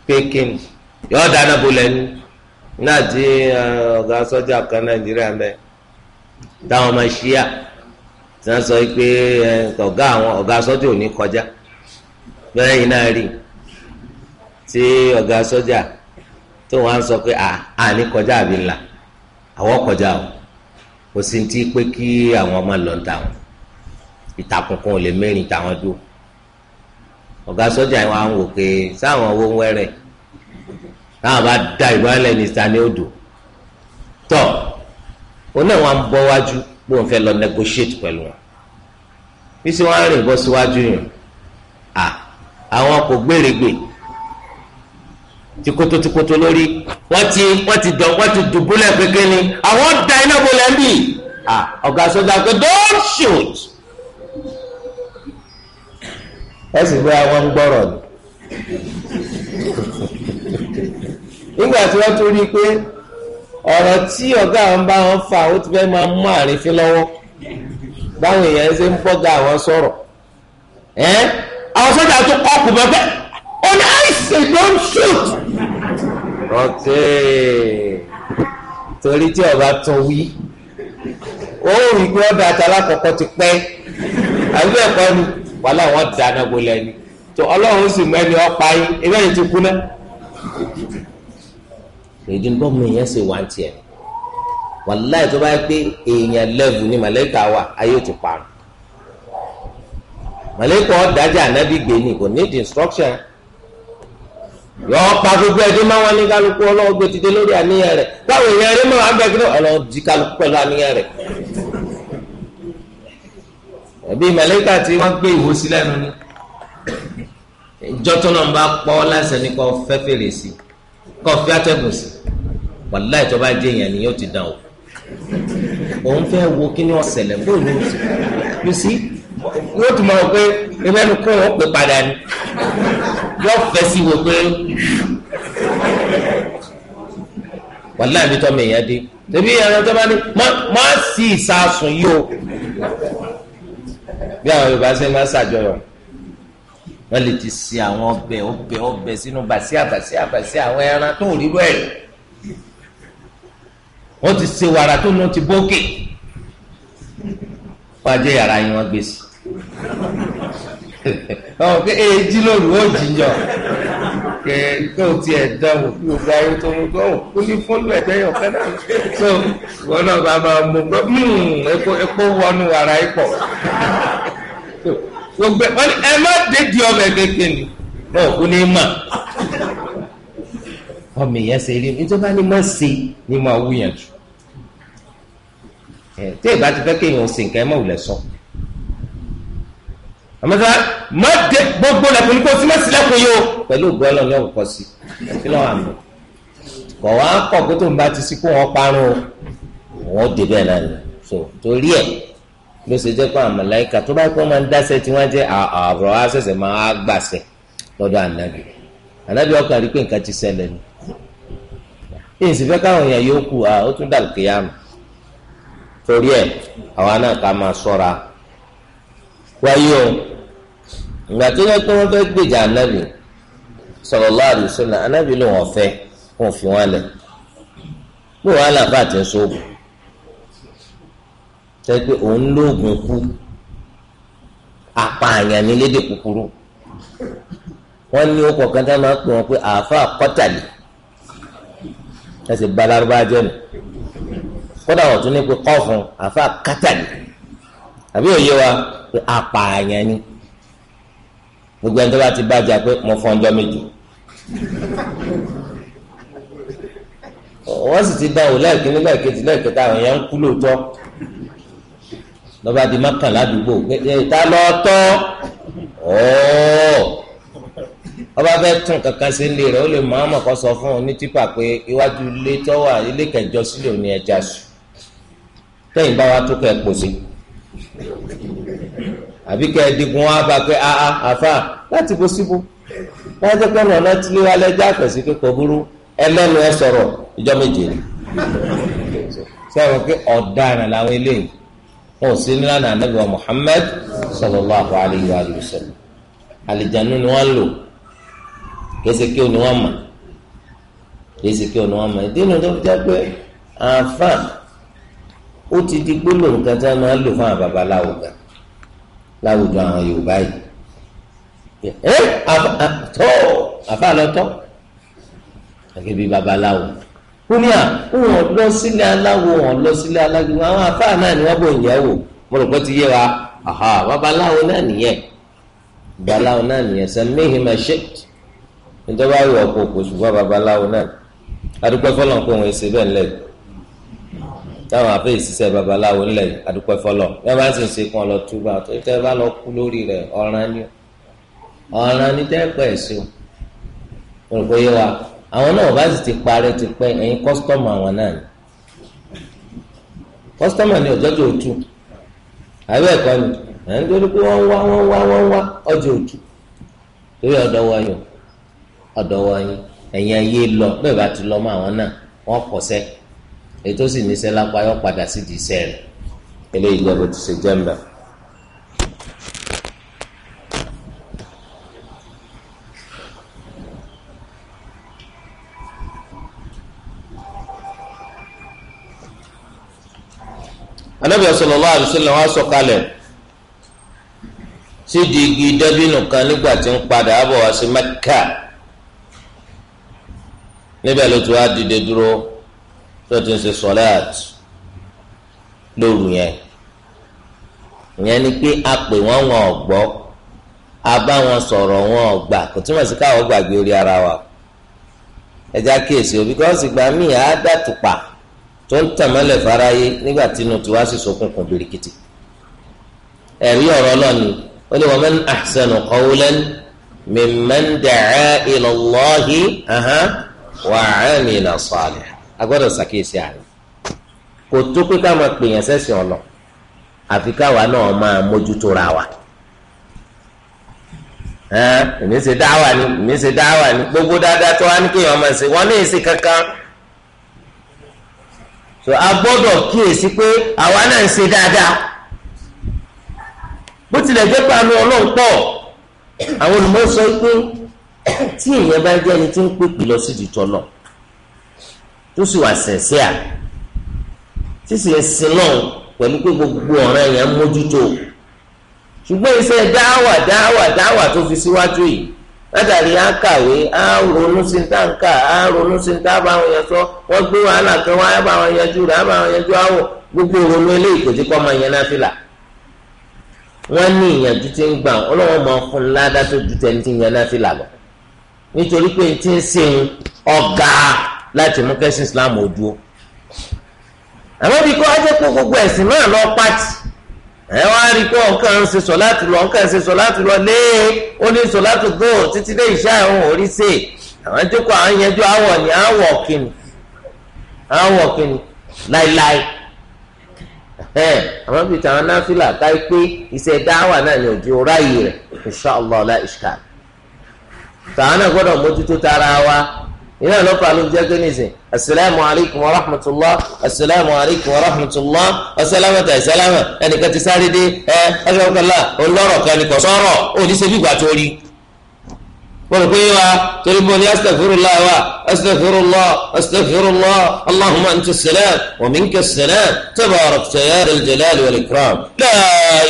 Speaker 1: kékeré yóò dáná bolẹ̀ ni. náà ọgá ọ̀gá sọ́jà kan nàìjíríà mẹ́ táwọn ọmọ ṣíà tí wọ́n sọ pé ọgá àwọn sọ́jà kọjá bẹ́ẹ̀ yìí náà rí tí ọgá sọ́jà tó wọ́n sọ pé "a ní kọjá àbí ńlá àwọn kọjá o kò sí ti pé kí àwọn ọmọ lọ ta wọn ìtàkùn ò lè tàwọn dúró wò pé sáwọn táwọn bá da ìbálẹ̀ ní sani odò tọ́ oní àwọn abọ́ wájú bó ń fẹ́ lọ negotiate pẹ̀lú wọn bí sẹ́ wọ́n á rìn bọ́ síwájú yìí à àwọn kò gbèrègbè tikoto tikoto lórí wọ́n ti wọ́n ti dọ̀ wọ́n ti dùbúlẹ̀ kékeré ni àwọn da iná bolẹ̀ ń bì à ọ̀gá sọ́jà pé don't shoot ẹ sì gbé àwọn ń ni nígbà tí wọ́n tún rí i pé ọ̀rọ̀ tí ọ̀gá àwọn bá wọn fà ó ti fẹ́ máa mú àrífín lọ́wọ́ báwọn èèyàn ṣe ń bọ́gà àwọn sọ̀rọ̀ ẹ́ àwọn sọ́jà tún kọ́kù mẹ́fẹ́ on oh, ice don shoot. ọ̀tẹ́ torí tí ọba tún wí ó rí i pé ọ̀dà àtàlákọ̀ọ́kọ́ ti pẹ́ àbí ẹ̀kọ́ ni wàhálà wọn dáná gbolẹ̀ ni tó ọlọ́run sì mọ ẹni ọ̀pá yín ẹgbẹ́ yìí ti kú náà. èdè ń bọ́ mi yẹn ṣe wá tiẹ̀ wàláì tó bá yẹ pé èèyàn lẹ́vù ni màlẹ́kà wà ayé ti parun màlẹ́kà ọ̀dájà ànábì gbé ni kò need instruction yọ pa gbogbo ẹdí máa wọn ní kálukú ọlọ́wọ́ gbé ti dé lórí àníyàn rẹ̀ báwo èèyàn rí mọ́ abẹ́gbẹ́ ọlọ́wọ́ di kálukú pẹ̀lú àníyàn rẹ̀ ẹbí màlẹ́kà tí wọ́n gbé ìwòsí lẹ́nu ni ìjọtọ́nà ń bá pọ́ lásán ní kọ́ fẹ́ fèrè sí kọ́ fẹ́ àtẹ̀gùn sí wàlá ìjọba jẹ èèyàn ni yóò ti dàn o òun fẹ́ wo kí ni ọ̀sẹ̀lẹ̀ bóyá ní oṣù you see yóò tún máa wọ pé ebe ẹnu kún wọn pè padà ni yóò fẹ́ sí wo pé wàlá ìbí tọ́ mi èèyàn dé tẹ̀bí ẹ̀rọ tó bá ní má sí ìsásùn yìí o bí àwọn Yorùbá ṣe máa ń ṣàjọyọ̀ wọ́n lè ti ṣe àwọn ọbẹ̀ ọbẹ̀ ọbẹ̀ sínú bàṣíà bàṣíà bàṣíà àwọn ẹran tó rí rú ẹ̀rí wọ́n ti ṣe wàrà tó nu ti bókè wọ́n á jẹ́ yàrá yín wọ́n gbé sí ọ̀hún pé èjì lóru ó jìyàn kẹ kó tiẹ̀ dánwò kí o gba ayé tó ń gbọ́ ò ó ní fọ́lù ẹ̀dẹ́yọ̀ kẹ́nà so wọn náà bá máa mú hmm, epo wọnú wàrà ipò gbogbo wọn ẹ má dédìí ọbẹ̀ kékeré ni náà kú ní mà ọmọ èèyàn ṣe rí nítorí bá ní má ṣe ni máa wúyàn jù ẹ tí èèyàn bá ti fẹ́ kéèyàn ṣe nǹkan ẹ má wulẹ̀ sọ àmọ́tá má dé gbogbo lẹ́kùn ní kó sí má sí lẹ́kùn yìí o pẹ̀lú ògbó ọlọ́run yóò kọ́ sí kí lọ́wọ́ àmì kọ̀ wá kọ̀ kó tó ń bá ti sí kó wọ́n parun wọ́n dé bẹ́ẹ̀ náà so torí ẹ̀ ló ṣe jẹ́ pé àwọn màláíkà tó bá pẹ́ máa ń dáṣẹ́ tí wọ́n jẹ́ àbúrò wa ṣẹ̀ṣẹ̀ máa gbàṣẹ lọ́dọ̀ ànábì ànábì ọkàn rí pé nǹkan ti ṣẹlẹ̀ ni èyí sì fẹ́ káwọn èèyàn yóò kú ó tún dà lókè yá torí ẹ̀ àwa náà ká máa ṣọ́ra wáyé o ìgbà tó yẹ kí wọ́n fẹ́ gbèjà ànábì sallallahu alaihi wasallam ànábì ló wọ́n fẹ́ wọ́n fi wọ́n lẹ̀ pé wàhálà bá ti ń sóògùn tẹ́ pé òun lóògùn kú apààyàn ní lédè kúkúrú wọ́n ní ọkọ̀ kan tá a máa pè wọ́n pé àáfà kọ́tàlì ẹsẹ̀ balárúbá jẹ́ nù kódà wọ́n tún ní pé kọ́fún àáfà kátàlì àbí òye wa pé apààyàn ni gbogbo ẹni tó bá ti bàjá pé mo fọ́ ọjọ́ méjì wọ́n sì ti dáwọ́ lẹ́ẹ̀kí nígbà kejì lẹ́ẹ̀kẹta àwọn èèyàn ń kú lóòótọ́ lọ́ba di mọ́kàn ládùúgbò ta lọ tọ́ ọ́ọ́ ọba fẹ́ tún kankan sí ilé rẹ̀ ó lè mọ àmọ̀ kọ́ sọ fún un ní tipa pé iwájú ilé tọ́wà ilé kẹjọ sílẹ̀ òní ẹja sùn tẹ́yìn bá wa tó kẹ́ ẹ pòsè àbí kẹ́ ẹ digun wa bá pé aa àfa láti bo síbo láti pẹ́ ọ̀nà tí lé wa lẹ́jà àfẹ̀sí kíkọ burú ẹlẹ́nu ẹ sọ̀rọ̀ ìjọ méje sẹ́wọ̀n pé ọ̀daràn làwọn eléyìí wọn ò sí nílànà anabi wa muhammed sallallahu alayhi wa sallam alìjánu ni wọn lò kése kí o ni wọn mọ kése kí o ni wọn mọ ìdí inú tó fi jẹ pé àáfà ó ti di gbólóhùn kan tí máa lò fún àwọn babaláwo láwùjọ àwọn yorùbá yìí ẹ àtọ àfà lọtọ gẹ́gẹ́ babaláwo ó ní à wọn lọ sílé aláwo wọn lọ sílé alágbègbè àwọn afáà náà ni wọn bò ń yẹ wò mo rò pé ti yé wa aha babaláwo náà nìyẹn babaláwo náà nìyẹn sẹmíhìn máa ṣe níjọba ayọ ọkọ kò ṣùgbọ́n babaláwo náà adúpẹ́ fọlọ kó wọn ṣe bẹ́ẹ̀ lẹ́yìn táwọn afẹ́ ìṣiṣẹ́ babaláwo ńlẹ̀ adúpẹ́ fọlọ bí wọn bá sì ń ṣe kàn lọ túbà tó tẹ bá lọ kú lórí rẹ̀ ọ̀ràn ni ọ̀ràn ni tẹ pẹ sí o mo rò àwọn náà bá sì ti parí ti pẹ́ ẹ̀yin kọ́sítọ́mù àwọn náà ni kọ́sítọ́mù ni ọjọ́ tó tu àbẹ́ ẹ̀kọ́ ni ẹ̀ ń torí pé wọ́n wá wọ́n wá wọ́n wá ọjọ́ òtù torí ọ̀dọ̀ wọ̀nyí ọ̀dọ̀ wọ̀nyí ẹ̀yin ayé lọ bẹ́ẹ̀ bá ti lọ mọ́ àwọn náà wọ́n pọ̀ ètò sì ní sẹ́lápá yọ padà sí di sẹ́ẹ̀rì eléyìí jẹ́ bó ti ṣe jẹ́ mbẹ́. anabi sallallahu alaihi wasallam wá sọ̀kalẹ̀ sídi igi dẹbìnù kan nígbà tí ń padà bọ̀ wá sí Mẹ́kà níbẹ̀ ló ti wá dìde dúró tó ti ń ṣe sọláàt lóru yẹn ìyẹn ni pé a pè wọ́n wọn ò gbọ́ a bá wọn sọ̀rọ̀ wọn ò kò túmọ̀ sí káwọn gbàgbé orí ara wa ẹja kíyèsí o bíkọ́sì gbà míì á dàtùpà tó ń tàn mọ́lẹ̀ fáráyé nígbà tí inú tiwa sì ṣókùnkùn birikiti ẹ̀rí ọ̀rọ̀ náà ni ó ní wa man ahsanu qawlan mimman da'a ila Allahi wa 'amila salihan agbọ́dọ̀ ṣàkíyèsí àárín kò tó pé ká máa pèèyàn sẹ́sìn ọ̀nà àfi káwa náà máa mójútó ra wa èmi ṣe dáwà ni èmi dáwà ni gbogbo dáadáa tó wá ní kéèyàn máa ṣe wọn ní èsì kankan so a gbọ́dọ̀ kíyèsí pé àwa náà ń ṣe dáadáa bó tilẹ̀ jẹ́ pé àánú ọlọ́run pọ̀ àwọn olùmọ̀ sọ pé tí èèyàn bá jẹ́ ẹni tí ń pèpè lọ sí ìdìtọ̀ náà tó sì wà sẹ̀sẹ̀ à sísè ẹ̀sìn náà pẹ̀lú pé gbogbo ọ̀ràn yẹn mójútó ṣùgbọ́n iṣẹ́ dáwà dáwà dáwà tó fi síwájú yìí látàrí á kàwé á ronú sí ní táǹkà á ronú sí ní tábà àwọn yẹn sọ wọ́n gbé wàhálà kan wá bá àwọn yẹn jú rẹ̀ á bá àwọn yẹn jú àwọ̀ gbogbo ronú eléyìí kò tí kọ́ máa yẹn náà fìlà wọ́n ní ìyànjú tí ń gbà ọlọ́wọ́n máa fún un ládá tó ju tẹni tí ń yẹn náà fìlà lọ nítorí pé tí ń sin ọ̀gá láti mú kẹ́sì Islam ojú àmọ́ bí kò á jẹ́ kó gbogbo ẹ̀sìn náà lọ pàtì ẹ wá rí pé ọ̀kan ń ṣe sọ láti lọ ọ̀kan ń ṣe sọ lọ lé ó ní sọ láti títí dé ìṣá ìhun orí ṣe àwọn jókòó àwọn yẹn ni kìnnì kìnnì àwọn bíi tàwọn náfìlà pé náà ni òjò ìṣkà iná ló fà ló fi jẹ́ pé nìsín asalaamu alaykum wa rahmatulah asalaamu alaykum wa rahmatulah asalaamata asalaama ẹnìkan ti sáré dé ẹ asalaamualá olóró kan ni kò sọ̀rọ̀ oníṣẹ́ bí ìgbà rí wọ́n kò yé wa torí mo ní astaghfirullah wa astaghfirullah astaghfirullah allahumma anta salaam wa minka salaam tabaarakta ya dal jalali wal ikram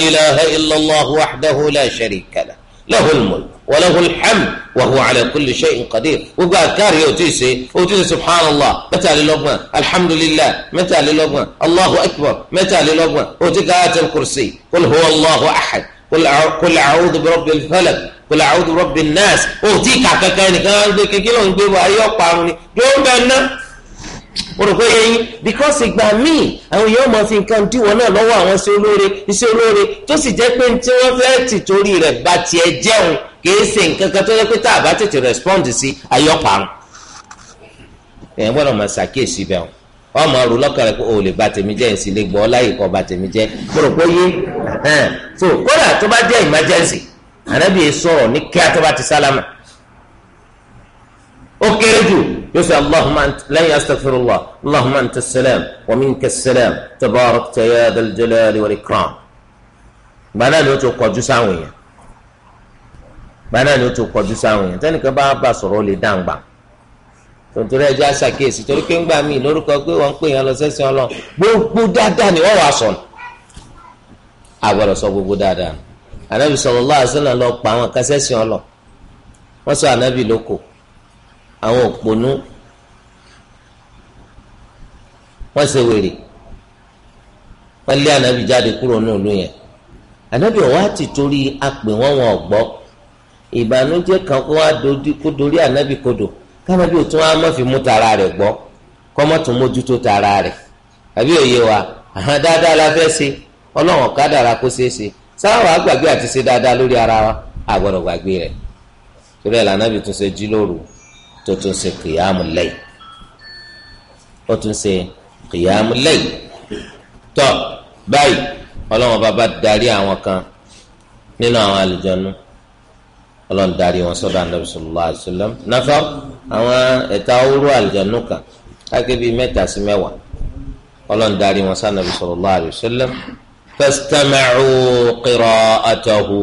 Speaker 1: ilaha illallah wahdahu la sharika lahul mulk wa lahul hamd wa huwa ala kulli shay'in qadir gbogbo àkàrí o ti ṣe o ti ṣe subhanallah mẹ́tàlélọ́gbọ̀n alhamdulillah mẹ́tàlélọ́gbọ̀n allahu akbar mẹ́tàlélọ́gbọ̀n o ti ayatul kursi qul huwa allahu ahad qul a'udhu bi rabbil falaq qul a'udhu bi rabbin nas o ti kàkàkà nìkan gbé kékeré òun gbé bọ ayé ọ̀parun ni yóò bẹ̀ ná mo rò pé eyín because ìgbà míì àwọn èèyàn mọ̀ fi nǹkan díwọ̀ náà lọ́wọ́ àwọn iṣẹ́ olóore iṣẹ́ olóore tó sì jẹ́ pé tí wọ́n fẹ́ tì torí rẹ̀ bá tiẹ̀ jẹun kìí ṣe nǹkan kan tó yẹ pé tá a bá tètè respond sí ayọ́parun èèyàn gbọ́dọ̀ máa ṣàkíyèsí bẹ́ẹ̀ o wọ́n máa rò lọ́kàn rẹ̀ pé o lè bà tèmi jẹ́ èsì lè gbọ́ láyè kọ́ bà tèmi jẹ́ mo rò pé yé so kódà tó bá jẹ́ emergency ànábìyẹ sọ̀rọ̀ ní kíá tó bá ti sálámà ó yóò sọ allahumma lẹ́yìn astaghfirullah allahumma anta salam wa minka salam tabarakta ya dhal jalali wal ikram gbadaa ni o tó kọjú sáwọn èèyàn gbadaa ni o tó kọjú sáwọn èèyàn tẹnikẹ́ bá bá sọ̀rọ̀ ó lè dáhùn gbà tòtòrò ẹjọ́ àṣàkíyèsí torí pé ńgbà míì lórúkọ pé wọ́n ń pè yàn lọ sẹ́sìn ọlọ́run gbogbo dáadáa ni wọ́n wà sọ̀nù àgbọ̀dọ̀ sọ gbogbo dáadáa nù anabi sallallahu alaihi wasallam lọ pa àwọn kan sẹ́sìn ọlọ́ wọ́n sọ anabi lóko àwọn òpònú wọ́n ṣe wèrè wọ́n lé ànábì jáde kúrò ní ìlú yẹn Anabi ọ̀wá ti torí apè wọ́n wọn ọ̀gbọ́ ìbànújẹ́ kan kó wá dorí ànábì kodò kánábì òtún fi mú tara rẹ gbọ́ kọmọ tún mójútó tara àbí òye wa àhán dáadáa la fẹ́ ṣe kó ṣe sáwọn àgbàgbé àti ṣe dáadáa lórí ara wa àgbọ̀dọ̀ gbàgbé rẹ. torí ẹ̀ lànàbì tún ṣe jí lóru tó tún ṣe kìyàmù lẹ́yìn kìyàmù lẹ́yìn tọ́ báyìí ọlọ́wọ́n bá bá darí àwọn kan nínú àwọn àlùjọ́nù ọlọ́run darí wọn sọ́dọ̀ anabi sallallahu alaihi wasallam náfà àwọn ẹ̀ta oró àlùjọ́nù kan káàkiri bíi mẹ́ta sí mẹ́wàá ọlọ́run darí wọn sọ́dọ̀ anabi sallallahu alaihi wasallam fastama'u qira'atahu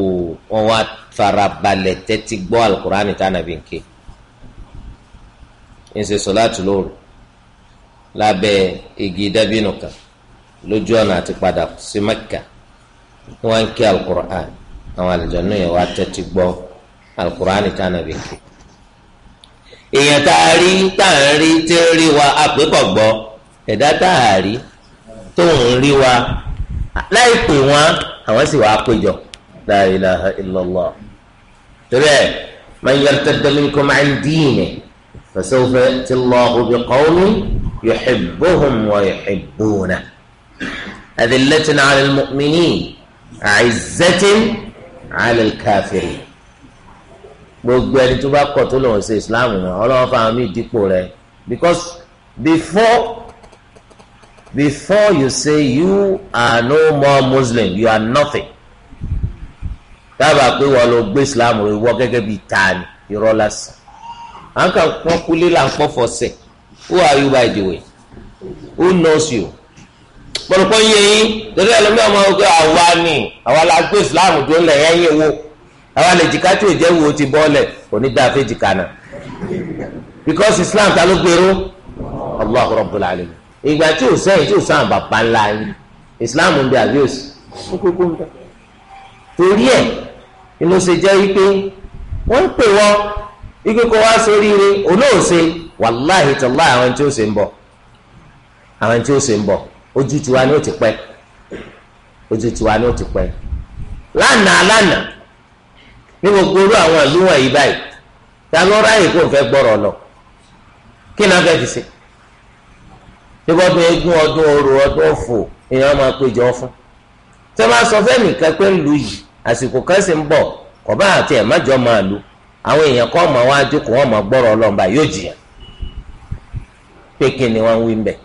Speaker 1: wọn wá farabalẹ̀ tẹ́tí gbọ́ alukur'ani tá nké ń ṣe sọ́láàtì lóru lábẹ́ igi dábìnù kan lójú ọ̀nà àti padà sí mẹ́kà wọ́n ń kí alukur'an àwọn àlùjànnú yẹn wá tẹ́tí gbọ́ alukur'an tá a nàbí kí. èèyàn tá a rí tá a rí tí ń rí wa àpékọ̀ gbọ́ ẹ̀dá tá a rí tó ń rí wa láì pè wọ́n àwọn sì wàá péjọ la ilaha illallah torí ẹ̀ man yartadda minkum an dinihi fasawfa ya'ti Allahu biqawmin. يحبهم ويحبونه أذلة على المؤمنين عزة على الكافرين gbogbo ẹni tó bá kọ̀ tó lòun ṣe islam náà ọlọ́run fáwọn míì dípò rẹ̀ because before before you say you are no more muslim you are nothing dábàá pé wọ́n lọ gbé islam rẹ̀ wọ́ gẹ́gẹ́ bíi tani irọ́ lásán à ń kà pọ́n kúlé là ń pọ́ who are you by the way who knows you pọ̀lọpọ̀ yẹ yín torí ẹlòmí ọmọ ọgbẹ́ àwa ni àwa la gbé islam tó ń lẹ̀ yẹn yẹ wo àwa lè jìká tí ò jẹ́ wo ti bọ́ọ̀lẹ̀ kò ní dáa fẹ́ jìká náà because islam ta ló gbèrú allah rabbul alamin ìgbà tí ò sẹ́yìn tí ò sáà bàbá ńlá yín islam ń bẹ àbíòsì torí ẹ̀ ni mo ṣe jẹ́ wípé wọ́n ń pè wọ́n wípé kó wá sóríire òun náà ò ṣe. wàláhì tọ́lá àwọn tí ó ṣe ń bọ̀ àwọn tí ó sì ń bọ̀ ojú tiwa ni ó ti pẹ́ ojú tiwa ni ó ti pẹ́ lánàá lánàá ní gbogbo orú àwọn ìlú wọ̀nyí báyìí ta ló ráyè kó n fẹ́ gbọ́rọ̀ lọ kí náà fẹ́ fi ṣe bí wọ́n fi ọdún ọdún máa péjọ fún bá sọ àti ẹ̀ má jọ àwọn èèyàn kọ́ pé kí ni wọ́n wí mbẹ̀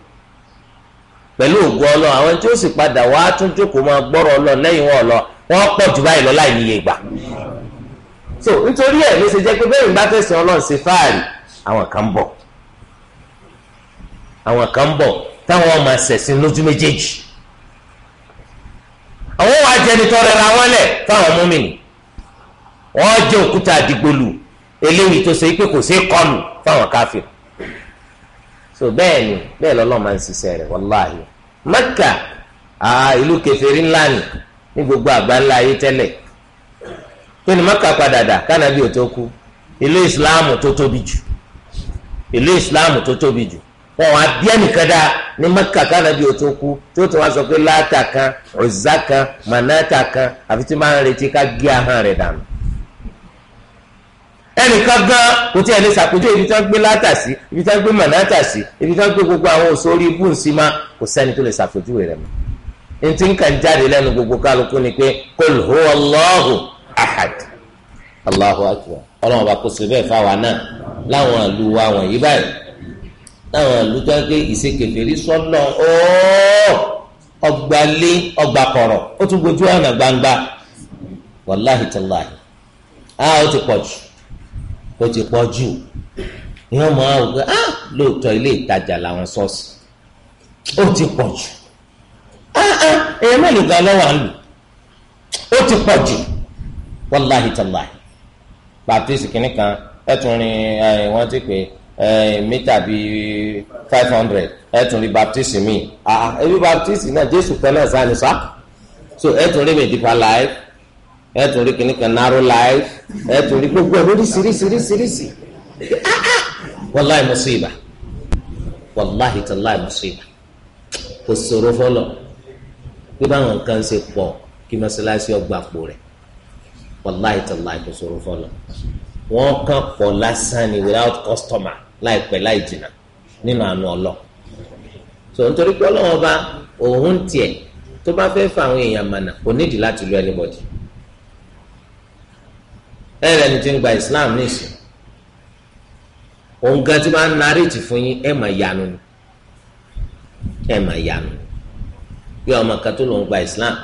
Speaker 1: pẹ̀lú ògo ọlọ́run àwọn tí ó sì padà wá tún jókòó máa gbọ́rọ̀ ọlọ́run lẹ́yìn wọn ọlọ́ wọn jù báyìí lọ láì níye gbà so nítorí e, ló ṣe jẹ́ pé bẹ́ẹ̀ bá fẹ̀sìn ọlọ́run ṣe fáàrí àwọn kan ń bọ̀ àwọn kan ń bọ̀ táwọn máa ṣẹ̀sìn lójú méjèèjì àwọn wàá jẹni tọrẹ ra wọn lẹ̀ fáwọn múmìnì wọn jẹ òkúta àdìgbòlù eléyìí tó ṣe pé kò sí kọlù so bẹ́ẹ̀ ni bẹ́ẹ̀ lọ́lọ́ máa ń ṣiṣẹ́ rẹ̀ wàláhì mẹ́kà ìlú kẹfẹ́rí ńlá ni ní gbogbo àgbáńlá ayé tẹ́lẹ̀ pé ní mẹ́kà padà dà kánàbí ò tó kú ìlú ìsìláàmù tó tóbi jù ìlú ìsìláàmù tó tóbi jù wọn wá bí ẹnìkan dá ní mẹ́kà kánàbí ò tó kú tó tún wá sọ pé láàtà kan ọ̀zá kan mànáàtà kan àfi tí máa ń retí ká gé ahọ́n rẹ̀ dànù ẹnìkan gan kò tí ẹ lè ṣàpèjọ ibi tí wọn gbé ibi tí wọn gbé ibi tí gbogbo àwọn òṣòrí ibú nsima ma kò sẹ́ni tó lè ṣàpèjúwe rẹ̀ mọ́ n kàn jáde gbogbo kálukú ni pé Allahu ahad Allahu náà láwọn ìlú wa wọ̀nyí báyìí láwọn ìlú tó ń gbé ìsekèfèrí sọ́nà ọgbàlé ó tún gbangba á ó ti ó ti pọ̀ jù ìyẹn mọ̀ àwọn òkè ah lóòótọ́ ilé ìtajà làwọn ṣọ́ọ̀ṣì ó ti pọ̀ jù ah ah èèyàn mélòó gan lọ́wọ́ à ń lù ó ti pọ̀ jù wàláhì tàláhì bàtísì kìnnì kan ẹ tún rin wọ́n ti pè mítà bíi five hundred ẹ tún rin bàtísì míì ah ebi ah, bàtísì náà jésù kan náà sáà ní sáà so ẹ tún rin mi dìpa láìpẹ́. ẹ tún rí kan narrow life ẹ tún gbogbo ẹ lóríṣiríṣiríṣiríṣi wàláì musiba wàláì tàláì musiba kò sòro fọlọ bí báwọn nǹkan ṣe pọ̀ kí mọ́ṣáláṣí ọgbà pò rẹ̀ wàláì tàláì kò sòro fọlọ wọ́n kàn pọ̀ lásán ni without customer láìpẹ́ láì jìnnà nínú àánú ọlọ so nítorí pé ọlọ́wọ́n bá òun tiẹ̀ tó bá fẹ́ fa àwọn èèyàn mànà kò nídìí láti anybody. ẹ ni ti ń gba islam nísìn òun gan ti máa ń narètì fún yín ẹ mà yanu ni ẹ mà yanu bí ọmọ kan tó lòún gba islam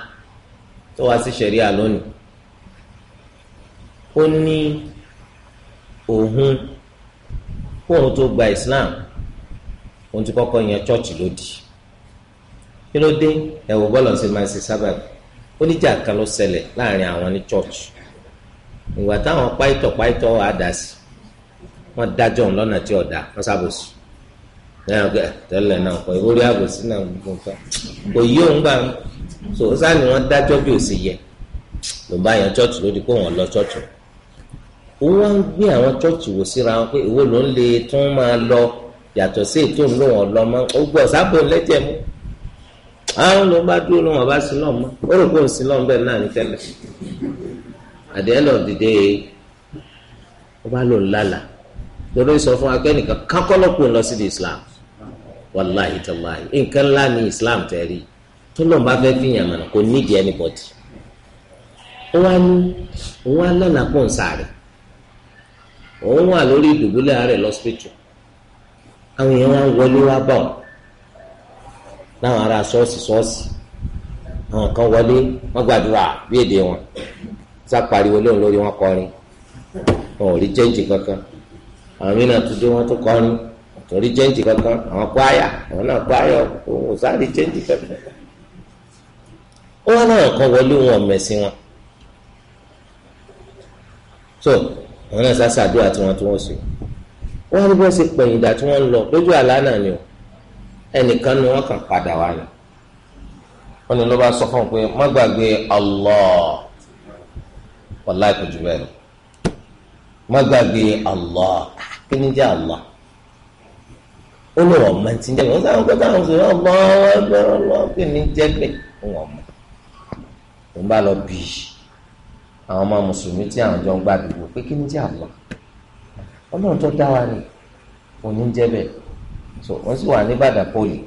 Speaker 1: tó wá sí ṣẹ̀ríà lónìí ó ní òun kóun tó gba islam òun ti kọ́kọ́ yan chọ́ọ̀chì lódì kí ló dé ẹ wò bọ́ọ̀lù ṣe máa ṣe sábàbí ó ní kan ló ṣẹlẹ̀ láàrin àwọn ní ìwà táwọn páìtọ̀ páìtọ̀ àdá sí lọ́nà tí ọ̀dà wọ́n sábòsù náà gẹ tẹ́lẹ̀ náà kọ ìwúrí náà gbọ́n fẹ́ kò yí òun gbà ń so bí ò sì yẹ ló bá yan lọ ó wá ń gbé àwọn wò síra wọn pé ìwọ lọ sí ètò òun ó sábò mú àwọn ló bá dúró sí ó at the end of the day ó bá lò lálà lórí sọ fún akẹ́nìkan lọ sí di islam wàláhì tàláhì nǹkan ńlá ni islam tẹ̀rí tó lọ́n bá fẹ́ fi mọ̀nà kò nídìí anybody ó wá ní òun á lọ́nà pọ̀ ń sáré òun wà lórí ìdùbúlẹ̀ àwọn èèyàn ọ láwọn ará ṣọ́ọ̀ṣì ṣọ́ọ̀ṣì àwọn kan wọlé wọ́n gbàdúrà bí sá pariwo lóun lórí wọn kọrin wọn ò rí jẹ́ǹjì kankan àwọn mìíràn tó dé wọn tó kọrin tó rí jẹ́ǹjì kankan àwọn kó àyà àwọn náà kó àyà òun ò sáré jẹ́ǹjì kankan ó wọn náà kọ wọlé wọn mẹsìn wọn so àwọn náà sá sàdúrà tí wọn tó wọn sè wọn rí bọ́sẹ̀ pẹ̀yìn ìdá tí wọ́n ń lọ lójú àlá náà ni o ẹnìkan ni wọn kàn padà wá ni wọn ni ló bá sọ fún un pé má gbàgbé Allah wàláì kò jù bẹ́ẹ̀ lọ má gbàgbé allah ah, kí ni jẹ́ allah ó lọ ọmọ tí ń jẹ́ bẹ́ẹ̀ ó sáwọn pé báwọn sọ allah ẹgbẹ́ allah kí ni jẹ́ bẹ́ẹ̀ ó wọ̀ ọmọ tó ń bá lọ bí àwọn ọmọ mùsùlùmí tí àwọn jọ ń gbàdúgbò pé kí ni jẹ́ allah ọlọ́run tó dá wa ni òní jẹ́ bẹ́ẹ̀ so wọ́n sì wà ní Ìbàdàn poli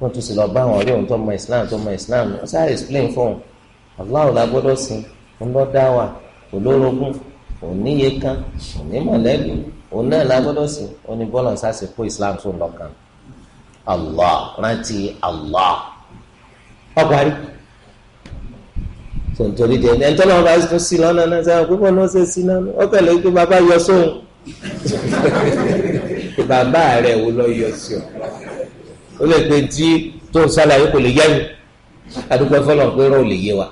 Speaker 1: wọ́n tún sì lọ bá àwọn ọ̀rẹ́ òun tó mọ Islam tó mọ Islam wọ́n sáré explain fún un allah ọ̀la gbọ́dọ̀ sìn ńlọ́dá wa kò lórogún kò níye kan kò ní mọ̀lẹ́bí òun náà la gbọ́dọ̀ sí oní bọ́lá sáṣẹ kó islam tó ń lọ́kàn allah rántí allah ọparí tó ń torí dé ẹni tó lọ́wọ́ bá tún sí lọ́nà náà sáyẹn pípọ̀ náà ṣe sí náà ó kẹ̀lé pé bàbá yọ sóhun bàbá rẹ̀ wo lọ yọ sí ọ ó lè pe tí tó ń sálàyé kò lè yẹ mi fọlọ́ pé rọ ò lè yé wa.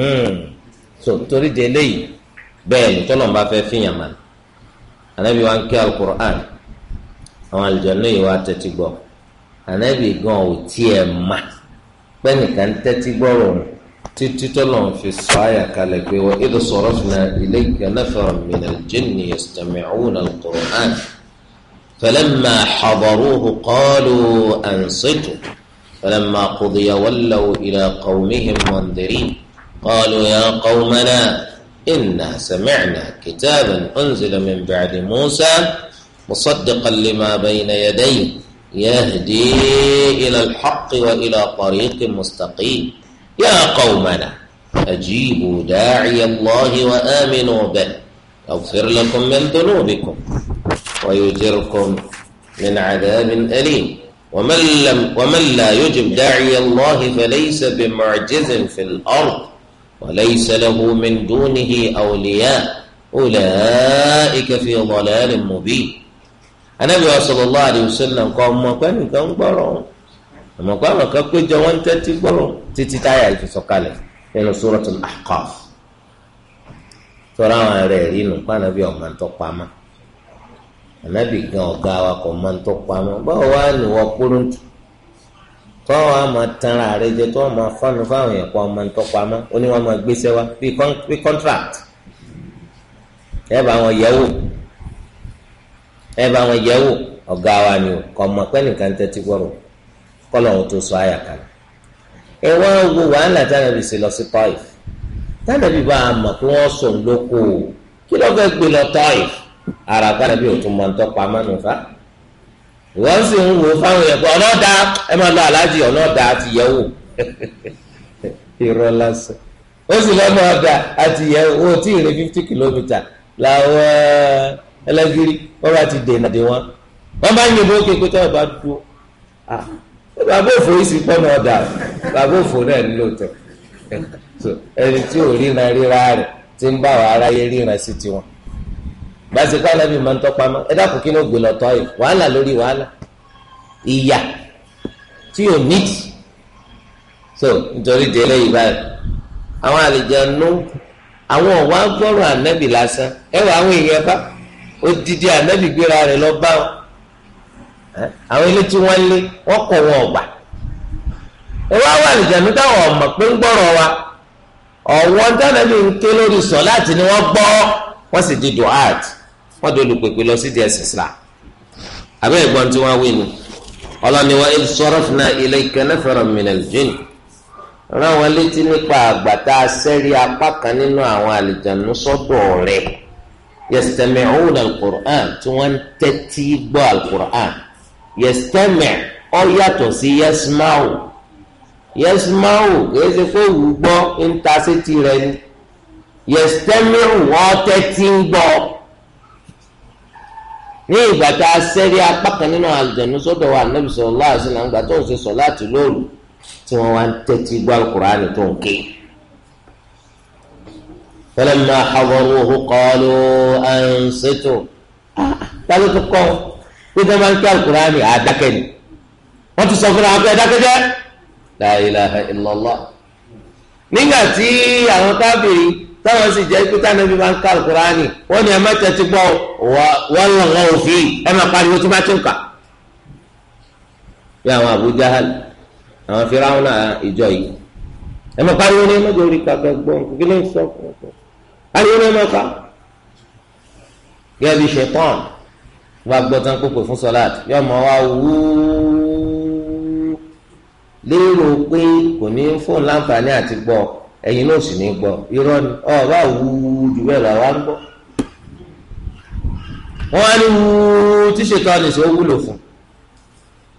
Speaker 1: Hmm. so torí de eléyìí bẹ́ẹ̀ ni tọ́lọ́mùbá fẹ́ fìyàn mọ́ anabi wa ń kí alukur'an àwọn àlùjọ́nù yìí wá tẹ́tí gbọ́ anabi gan ò tiẹ̀ mà pẹ́nìkan ń tẹ́tí gbọ́rọ̀ òun títí tọ́lọ̀ ń fi sọ àyà kalẹ̀ pé wọ́n idh sarafna ilayka nafaran minal jinni yastami'una al-Qur'an falamma hadaruhu qalu ansitu falamma qudiya wallaw ila qawmihim mundirin. قالوا يا قومنا إنا سمعنا كتابا أنزل من بعد موسى مصدقا لما بين يديه يهدي إلى الحق وإلى طريق مستقيم يا قومنا أجيبوا داعي الله وآمنوا به يغفر لكم من ذنوبكم ويجركم من عذاب أليم ومن, لم ومن لا يجب داعي الله فليس بمعجز في الأرض وليس له من دونه أولياء أولئك في ضلال مبين Ànábì sallallahu alayhi wa sallam kò mọ̀ pé ẹnìkan ń gbọ́rọ̀ àmọ́ kó àwọn kan péjọ wọn ń tẹ́tí gbọ́rọ̀ títí táyà ìfisọ̀kalẹ̀ nínú Suratul Ahqaf tọ́ra àwọn rẹ̀ rí nù pé Ànábì ọ̀mà ń tọ́pa mọ́ Ànábì gan ọ̀gá wa kò mọ́ ń tọ́pa mọ́ báwo wá nìwọ kúrúntù kọ́ wa máa tanra rẹ jẹ tó wọ́n máa fánu fáwọn yẹn pọ̀ ọmọ ntọ́pamọ́ ó ní wọ́n máa gbéṣẹ́ wa bí contract ẹ bá wọn yẹ̀ wò ẹ bá wọn yẹ̀ wò ọ̀gá wa ni o kọ́ ọmọ pẹ́ nìkan tẹ́tí gbọ́rọ̀ kọ́ lọ́wọ́ tó sọ àyà kan ẹ wá wo wàhálà táwọn ibi sì lọ sí Taif táwọn bá a mọ̀ pé wọ́n sọ̀ ń lóko kí ló fẹ́ gbé lọ Taif àràgbá nàbí òtún mọ̀ ntọ́pamọ́ nù fa. wọ́n sì ń fáwọn yẹn pé ọ̀nà ọ̀dà ẹ máa lọ aláàjì ọ̀nà ọ̀dà àti yẹ̀ wò irọ́ lásán ó sì lọ́nà ọ̀dà àti yẹ̀ wò ó tí ì fifty làwọn ẹlẹ́gìrì wọ́n bá ti dènà dé wọn wọ́n bá ń kékeré tó bá dúró bàbá òfò yìí sì ti ń bá ríran sí tiwọn. gbàsí kó anabi máa ń tọpa mọ́ ẹ dákun kí ló gbé lọ yìí wàhálà lórí wàhálà ìyà tí yóò so nítorí délé yìí báyìí àwọn àlejànú àwọn anabi lásán ẹ àwọn èèyàn bá odidi anabi gbéra rẹ̀ lọ bá wọn àwọn ilé tí lé wọn ọ̀gbà ẹ wá wà àlejànú táwọn ọmọ pé ń wa ọ̀wọ́n tánàbí ń sọ láti ni wọ́n dolo pèpè lọ sí díẹ̀ sísá abẹ́ ìgbọ́n tí wọ́n wí nu ọlọ́ni wa idh sarafna ilayka nafaran minal jinn rán wọn létí nípa àgbàtà sẹ́rí apá kan nínú àwọn àlìjànú sọ́dọ̀ rẹ̀ yastami'una al-Qur'an tí wọ́n ń tẹ́tí gbọ́ al-Qur'an sí yasma'u yasma'u kìí ṣe wù gbọ́ ń ta sétí rẹ̀ ni yastami'u wọ́n tẹ́tí gbọ́ ní ìgbà tá a sẹ́rí apá kan nínú àlùjẹ̀nu sọ́dọ̀ wa Ànábì sallallahu alaihi wasallam nígbà tó ń ṣe sọ̀láàtì lóru tí wọ́n wá ń tẹ́tí gbọ́ Al-Qur'ani tó ń ké. falamma hadaruhu qalu ansitu tábí ah, ah, tó kọ́ pé tó máa ń ké al àdákẹ́ ni wọ́n ti sọ fún wa pé dákẹ́jẹ́ la ilaha illallah nígbà tí àwọn tábìrì táwọn sì jẹ́ pé táwọn ẹbí máa ń ka alukurani wọ́n ní ẹ má tẹ́tí gbọ́ wọ́n lọ wọ́n òfin ẹ má pariwo tí wọ́n ti ń kà. bí àwọn Abu Jahal àwọn firawuna ìjọ yìí ẹ má pariwo ní ẹmọ́jọ orí kàkẹ́ gbọ́ kí ló ń sọ pariwo ní ẹmọ́ ká. gẹ́gẹ́ bí ṣetán wà gbọ́tàn pípé fún sọláàt yóò mọ wá wú lérò pé kò ní fóun láǹfààní àti gbọ́ ẹ̀yin náà sì ní gbọ́ irọ́ ni ọba wúwú jù bẹ́ẹ̀ làwa ń gbọ́ wọn á ní wúwú tí ṣètò àdìsí ó wúlò fún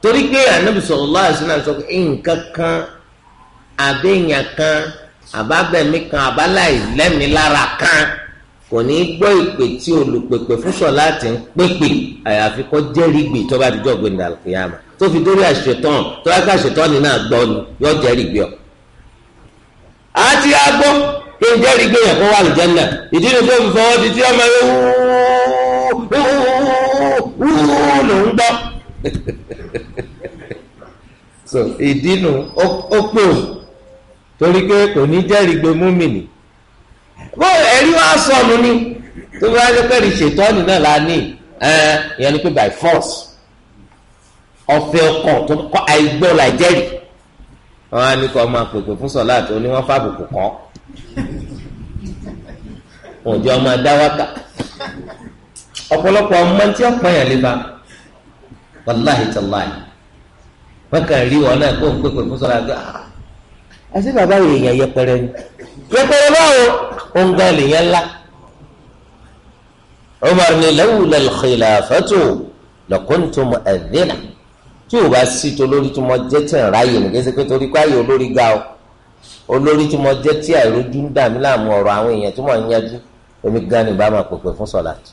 Speaker 1: torí pé ànábì sallallahu alaihi wasallam sọ pé nǹkan kan àbẹ̀yàn kan àbábẹ̀mí kan àbáláì lẹ́mìí lára kan kò ní í gbọ́ ìpè tí olùpèpè fúnṣọ láti ń pèpè àyàfi kó jẹ́rìí gbè tó bá ti jọ́ gbẹ̀ndà tó fi dórí àṣetán tó bá ká àṣetán ni náà gbọ́ ni yóò jẹ́rìí gbé àti agbọ́ kí n jẹ́rìí pé ẹ̀kọ́ wà lè jẹ́nà ìdí ni tó fi fọwọ́ ti tí ọmọ yẹn wúúúú lòún gbọ́ so ìdí nu ó pè ó torí pé kò ní jẹ́rìí pé múmìnì bó ẹ̀rí wá sọnù ni tó bá yẹ pé ìṣètọ́nì náà la ní ìyẹn ni pé by force ọ̀fẹ́ ọkọ̀ tó kọ́ àìgbọ́ làjẹ́rìí wọn á ní kọ́ máa pèpè fún sọ̀lá àti oní wọn fàbùkù kọ́ wọn ò jẹ́ ọmọ adáwákà ọ̀pọ̀lọpọ̀ ọmọ tí wọ́n pọ̀yàn lébà wàláhì tàláhì wọn kàn rí wọn náà kó ń pèpè fún sọ̀lá àti àti ah, bàbá èèyàn yẹpẹrẹ ni yẹpẹrẹ báwo ó ń gan lèèyàn ńlá Umar ni lawla al-khilafatu lakuntum mu'adhdhina tí ò bá sí tó lórí tí mo jẹ́ tí ń ráyè ní kése pé torí káyè olórí ga o olórí tí mo jẹ́ tí àìrójú ń dà mí láàmú ọ̀rọ̀ àwọn èèyàn tí mo ń yanjú èmi gan ni bá máa pèpè fún sọ̀làtì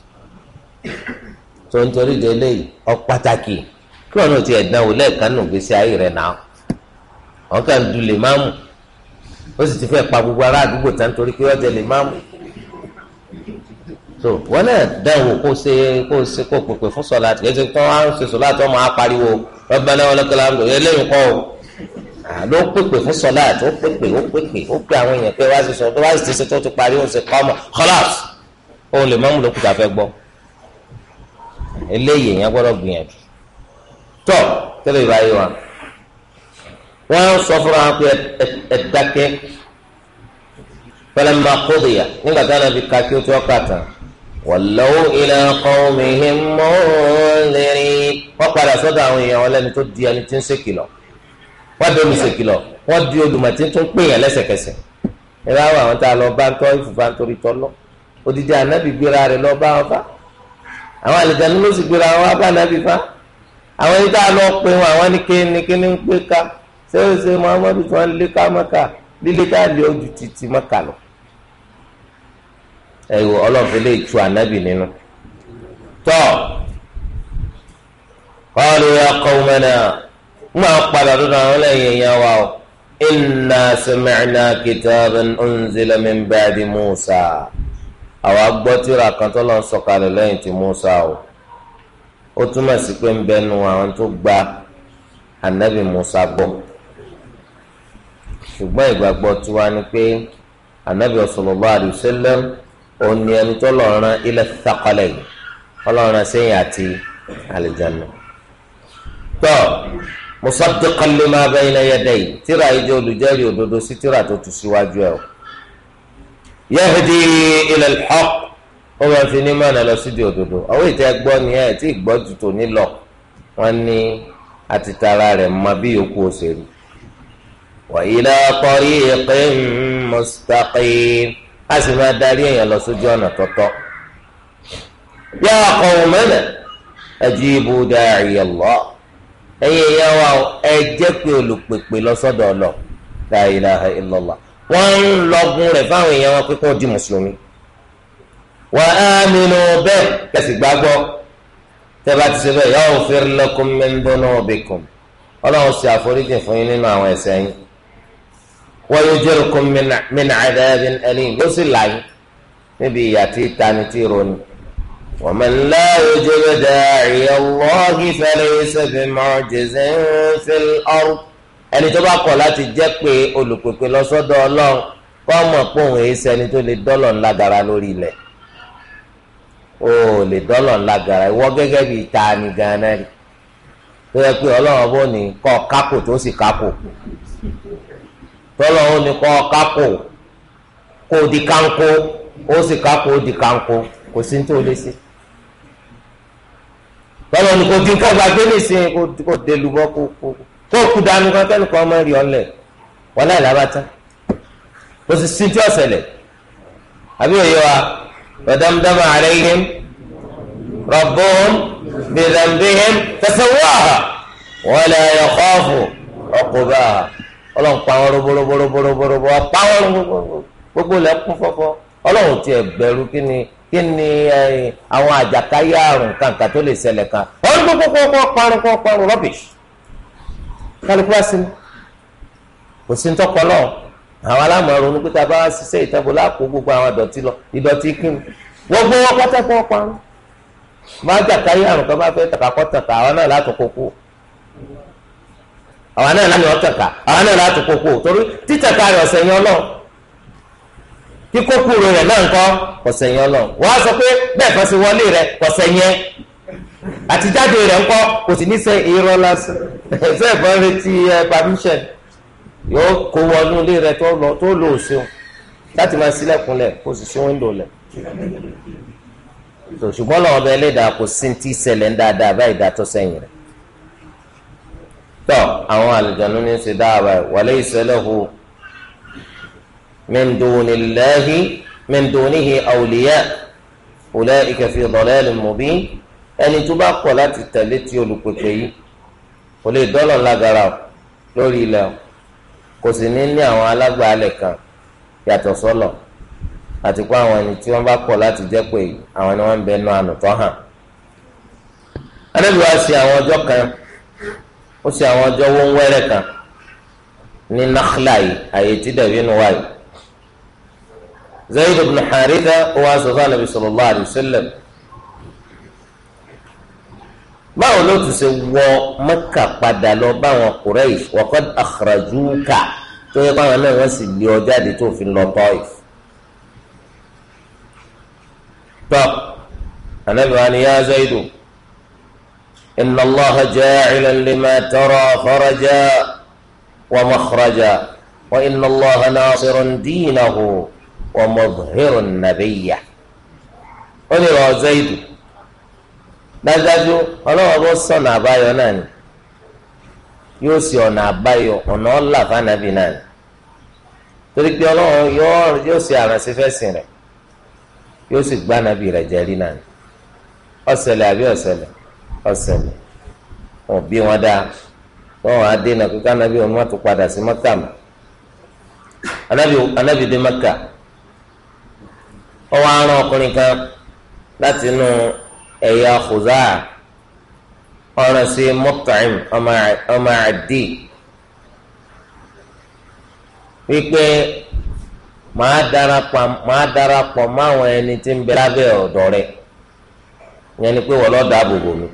Speaker 1: tó ń torí de eléyìí ọ pàtàkì kí ọ̀nà ti ẹ̀dán wò lẹ́ẹ̀kan nù gbèsè ayé rẹ̀ náà wọn kàn du lè máàmù ó sì ti fẹ́ pa gbogbo ará àdúgbò tán torí pé ọ̀jẹ̀ lè máàmù so wọn náà dán wò kó ṣe kó ṣe kó pèpè fún sọ̀làtì kí ń ṣe sọ̀làtì ọmọ á pariwo rabbana wa lakal hamdu eléyìí kọ́ o ah, ló pèpè fún sọláàtì ó pèpè ó pèpè ó pè àwọn èèyàn pé wá sí sọ tó wá sí ṣe tó ti parí òun ṣe kọ́ ọmọ khalas òun lè mọ́mú ló kúta fẹ́ gbọ́ eléyìí èèyàn gbọ́dọ̀ gbìyànjú tọ́ tẹ́lẹ̀ ìbáyé wa wọ́n sọ fúnra wọn pé ẹ̀dákẹ́ فلما قضي nígbà tí Ànábì ka kí ó tó ọkà tán ولوا إلى قومهم منذرين wọ́n padà sọ́dọ̀ àwọn èèyàn wọn lẹ́ni tó di ẹni tí ń ṣèkìlọ̀ wọ́n di olùṣèkìlọ̀ wọ́n di olùmọ̀tí tó ń pè yàn lẹ́sẹ̀kẹsẹ̀ ìlà àwọn àwọn tá a lọ bá ń tọ́ ìfùfà ń torí tọ́ lọ odidi ànábì gbéra rẹ̀ lọ bá wọn fa àwọn àlejànú ló sì gbéra wọn bá ànábì fa àwọn ẹni tá a lọ pè wọn àwọn ní kíni kíni ń pé ká ṣé muhammadu tí wọn lé ká mọ́kà líle ká lé ojú títí mọ́kà lọ. ẹ wo ọlọ́run qalu ya qawmana ńgbà padà na náà wọn lẹ́yìn ẹ̀yàn wa o inna sami'na kitaban unzila min ba'di Musa àwa gbọ́ tírà kan tó lọ sọ̀kalẹ̀ lẹ́yìn ti Musa o ó túmọ̀ sí pé ń bẹnu tọ́ musaddiqan lima bayna yaday tíra yìí jẹ́ olùjẹ́rìí òdodo sí tíra tó tu síwájú ẹ̀ o yahdi ila al-haqq ó máa fi ní mọ́nà lọ sídìí òdodo àwọn ìtẹ́ gbọ́ ni ẹ̀ tí gbọ́ ju tò ní lọ wọ́n ní àti tara rẹ̀ mọ bí yòókù òṣèlú wa ila tariqin mustaqim a sì máa darí èèyàn lọ sójú ọ̀nà tọ́tọ́ ya qawmana ajibu da'iya Allah ẹ̀yin èèyàn wa ẹ jẹ́ pé olùpèpè lọ sọ́dọ̀ ọlọ la ilaha illallah wọ́n ń lọgun rẹ̀ fáwọn èèyàn wọn pé kó di mùsùlùmí wa aminu bẹ́ẹ̀ kẹsì gbàgbọ́ tẹ́ bá ti ṣe bẹ́ẹ̀ yaghfir lakum min dhunubikum Ọlọ́run ṣe àforíjì fún yín nínú àwọn ẹ̀ṣẹ̀ yín wa yujirkum min adhabin alim ló sì là níbi ìyà tí tani tí roni. ومن لا يجب داعي الله فليس بمعجز في الأرض ẹni tó bá kọ̀ láti jẹ́ pé olùpèpè lọ́sọ́dọ̀ ọlọ́run kọ́ mọ̀ pé òun èé sẹni tó lè dọ́lọ̀ ńlá gara lórí ilẹ̀ o lè dọ́lọ̀ ńlá gara ìwọ gẹ́gẹ́ bíi ta ni ganan rí tó yẹ pé ọlọ́run bó ní kọ́ kákò tó sì kákò tọ́lọ́run ní kọ́ kákò kó di kánkó ó sì kákò ó di kánkó kò sí ní tó lé sí bọ́lá ni kò dín kọ́ gbàgbé nìsín kò dé lùbọ́ kó kó kó kú dànù kan kẹ́nìkan ọmọ rí ọlẹ̀ wọ́n láì lábàtà kò sì sí tí ọ̀sẹ̀lẹ̀ àbí òye wa ọ̀dàmdàmà àrẹ yìí rọ̀bùn bìdàmbìhìn tẹ̀sẹ̀wọ́hà wọ́n lè yọ kọ́ọ̀fù ọkùnrin àhà ọlọ́run pa wọn roboroboroboroboro pa wọn gbogbo lẹ́kún fọ́fọ́ ọlọ́run tiẹ̀ bẹ̀rù kí ni kí ni àwọn àjàkáyé àrùn kankan tó lè ṣẹlẹ̀ kan ọdún tó kọ́kọ́ kọ́ parun kọ́ parun rubbish kálukú wá sí mi kò sí ntọ́kọ náà àwọn alámọ̀ọ́rọ̀ ní pété abáwá ṣiṣẹ́ ìtẹ́bù lápò gbogbo àwọn ìdọ̀tí lọ ìdọ̀tí kí ni wọ́n gbọ́ wọ́n pátá kọ́ parun máa jàkáyé àrùn kan máa fẹ́ tàkàkọ́ tàkà àwọn náà látò kókó àwọn náà láti kókó torí títàkà rẹ̀ ọ̀sẹ̀ yẹn ọlọ́run kíkó kúrò rẹ̀ náà ńkọ́ kọ̀sẹ̀ yẹn lọ wọ́n á sọ pé bẹ́ẹ̀ kan sí wọlé rẹ̀ kọ̀sẹ̀ yẹn àtijáde rẹ̀ ńkọ́ kò sì ní sẹ́ irọ́ lásán ẹ̀sẹ̀ ìbọn retí permission yóò kó wọnú ilé rẹ̀ tó lò ó ṣeun láti máa ṣílẹ̀kùn lẹ̀ kó sì ṣí wíńdò lẹ̀ ṣùgbọ́n lọ́wọ́ bẹ́ẹ̀ lè dà kó sí ti ṣẹlẹ̀ ń dáadáa báyìí dàtọ́ sẹ́yìn rẹ̀ tọ́ àwọn àlùjọ من دون الله من دونه أولياء أولئك في ضلال مبين ẹni tó bá kọ̀ láti tẹ̀lé ti olùpèpè yìí kò lè dọ́lọ̀ lágara lórí ilẹ̀ o kò sì ní ní àwọn alágbàálẹ̀ kan yàtọ̀ sọ́lọ̀ àti pé àwọn ẹni tí wọ́n bá kọ̀ láti jẹ́ pé àwọn ni wọ́n ń bẹ nu ànùtọ́ hàn. anábìwá ṣe àwọn ọjọ́ kan ó ṣe àwọn ọjọ́ wọ́n wẹ́rẹ́ kan ní náxlá yìí àyè tí dàbí nu wáyìí. زيد بن حارثه واسف النبي صلى الله عليه وسلم ما ولوت سو مكه قد لو باو قريش وقد اخرجوك تو يبا ولا واسي ليو جادي تو في لطائف طب النبي قال يعني يا زيد ان الله جاعلا لما ترى فرجا ومخرجا وان الله ناصر دينه wa mọ̀bìrún nàbíyà ó ní rọ Zaidu dájúdájú ọlọ́wọ́ bó sọ̀nà àbáyọ náà ni yóò sì ọ̀nà àbáyọ ọ̀nà ọ̀là fànàbì náà ni torí pé ọlọ́wọ́ yóò sì àrànṣe fẹ́sìn wọn anabi wọn padà sí ọwọ́ aràn ọkùnrin kan láti inú ẹ̀yà Khuzā ọ̀rọ̀ sí Mut'im ọmọ Addi wípé màá darapọ̀ màá darapọ̀ máwọn ẹni tí ń bẹ lábẹ́ ọ̀dọ̀ rẹ̀ yẹn ni pé wọ́n lọ́ọ́ dáàbò bò mí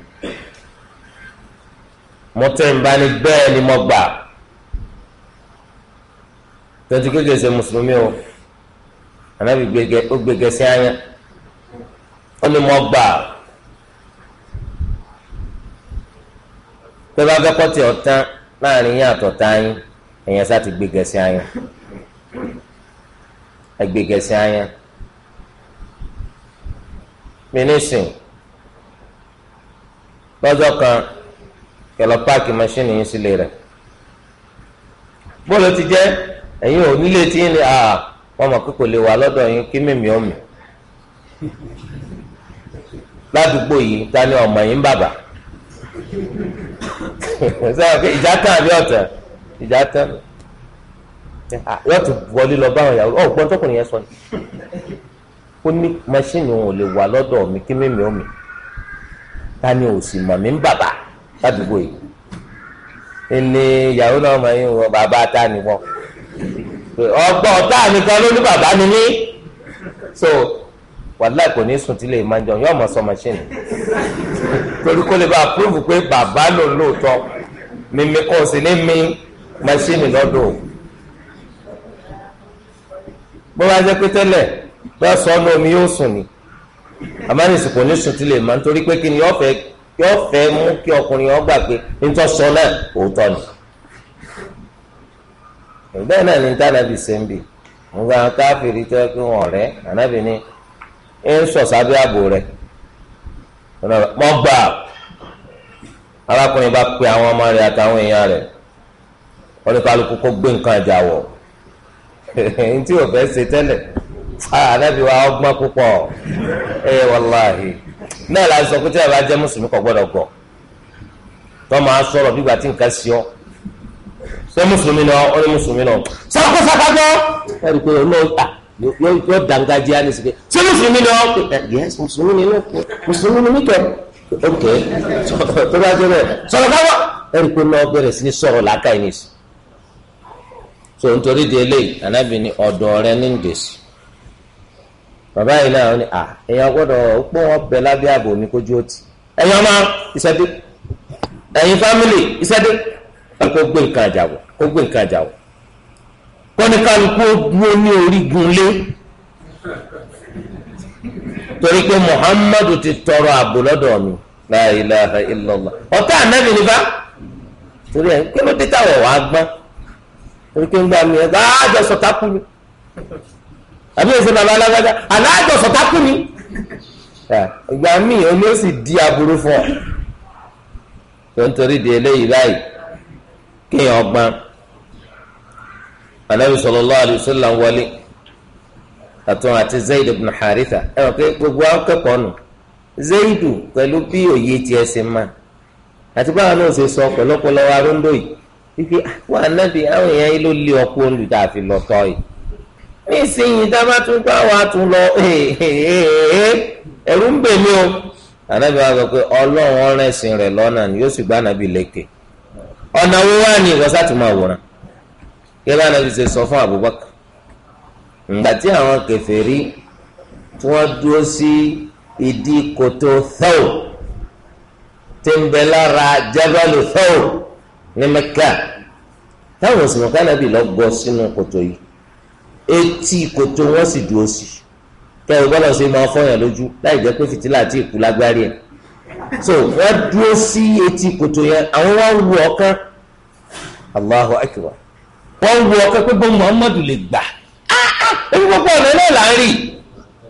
Speaker 1: bá ní bẹ́ẹ̀ ni mo gbà kékeré anabi gbẹgẹ ó gbẹgẹ sí anya ó ní mọ gbà pé bá fẹ́ kọ́tì ọ̀tán láàrin yín àtọ̀tá yín ẹ̀yẹn sá ti gbẹgẹ sí anya ẹgbẹgẹ sí anya mínísìn lọ́jọ́ kan kẹlọ páàkì mọ́ṣínì yín sílé rẹ̀ bóòlù ti jẹ́ ẹ̀yin ò nílé tí yín ni àà. Ah, wọ́n mọ̀ pé kò lè wà lọ́dọ̀ yín kí mímí ọ̀mì ládùúgbò yìí ta ni ọmọ yín bàbà ìjà tán àbí ọ̀tẹ̀ ìjà tán wọ́n ti wọlé lọ báwọn ìyàwó ọ̀gbọ́n tọkùnrin yẹn sọ ni ó ní mọ́ṣíìnì òun ò lè wà lọ́dọ̀ mi kí mímí ọ̀mì ta ni ò sì mọ̀ mí ń bàbà ládùúgbò yìí ẹni ìyàwó náà mọ̀ yín bàbá ta ni wọ́n. ọgbọ́n ọ̀tá mi ló ní bàbá mi ní so wàláì kò ní sùn tí lè máa jọ yóò sọ machine torí kò lè bá a pé bàbá ló lóòótọ́ mímí kò ní mí machine lọ́dọ̀ bó bá jẹ́ pé tẹ́lẹ̀ yóò sùn kò ní sùn tí lè máa nítorí pé kí ni yóò fẹ́ mú kí ọkùnrin ọgbà pé ni. bẹ́ẹ̀ náà ní tànàbì sẹ́ńbì nígbà wọn káfíìrì tó yẹ kí wọn rẹ ànábì ní ẹ ń sọ sábẹ́ ààbò rẹ mọ gbà arákùnrin bá pe àwọn ọmọ rẹ àtàwọn èèyàn rẹ wọn ní kálukú kó gbé nǹkan ẹja wọ ẹni tí ò fẹ́ ṣe tẹ́lẹ̀ ah, ànábì wa ọgbọ́n púpọ̀ ẹ wàláhì náà la sọ pé tí a bá jẹ́ mùsùlùmí kò gbọ́dọ̀ gbọ́ tọ́ máa sọ̀rọ̀ bí gbà nǹkan ṣe ọ́ ṣé mùsùlùmí náà ó ní mùsùlùmí náà sọ́kọ́ sọ́kọ́ náà ẹ rí i pé olóòtà yóò dàngájíá ní sìkè ṣé mùsùlùmí náà yes mùsùlùmí ni ló kẹ mùsùlùmí ni mí kẹ ok tó bá jẹ bẹ́ẹ̀ sọ̀rọ̀ káwọ́ ẹ rí i pé náà bẹ̀rẹ̀ sí ní sọ̀rọ̀ làákà yìí nìsí so nítorí di eléyìí ànábì ni ọ̀dọ̀ rẹ ní ndèsì bàbá yìí náà ni à èèyàn gbọ́dọ̀ pọ́ wọn bẹ lábẹ́ ààbò ní kójú òtì ẹ̀yin ọmọ ìṣẹ́dé ẹ̀yin fámìlì ìṣẹ́dé ẹ̀ gbé nǹkan àjàbọ̀ kó nke nǹkan jà o kọ́nìkàlùkù ó dúró ní orígun muhammadu ti tọrọ ààbò mi ilaha illallah ọ̀tá ànábì ni bá torí ẹ̀ kí ló dé táwọ̀ wá gbọ́n torí pé ń gbà mí ẹ̀ sọ̀tà kú mi àbí bàbá alágbájá di aburú fún ọ tó ń torí di anabi sallallahu alayhi wa sallam wọlé àtún àti zayd ibn haritha ẹ gbogbo akẹ́kọ̀ọ́ nù zaydu pẹ̀lú bí òye tiẹ̀ ṣe ma àti báwọn náà ṣe sọ pẹ̀lọpẹ̀lọ wa rondo yìí wípé wà nábì àwọn èèyàn yìí ló lé ọkọ olùdàfi lọ́tọ̀ yìí nísìnyìí dábàá tún gbá wa tún lọ ń bè mí o Anabi wa sọ pé ọlọ́run ọ̀rẹ́sìn rẹ̀ lọnà ni yóò sì gbá ànábì ọ̀nà wo wá ní gẹ́gẹ́ bá nàbì ṣe sọ fún Abubakar ǹgbà tí àwọn kèfèrí tí wọ́n dúró sí ìdí kòtò thaw tí ń bẹ lára jabalu Thawr ní Mẹ́kà táwọn òsìmọ̀ kánàbì lọ gbọ́ sínú kòtò yìí etí kòtò wọn sì dúró sí kẹrù bọ́lá ṣe máa fọyàn lójú láì jẹ́ pé fìtílà àti ìkú lágbárí ẹ̀ so wọ́n dúró sí etí kòtò yẹn àwọn wá wù ọ̀kan Allahu akbar wọ́n wo ọkọ pé bó muhammadu lè gbà ebi ah, ah, gbogbo ọ̀nà náà là ń rí.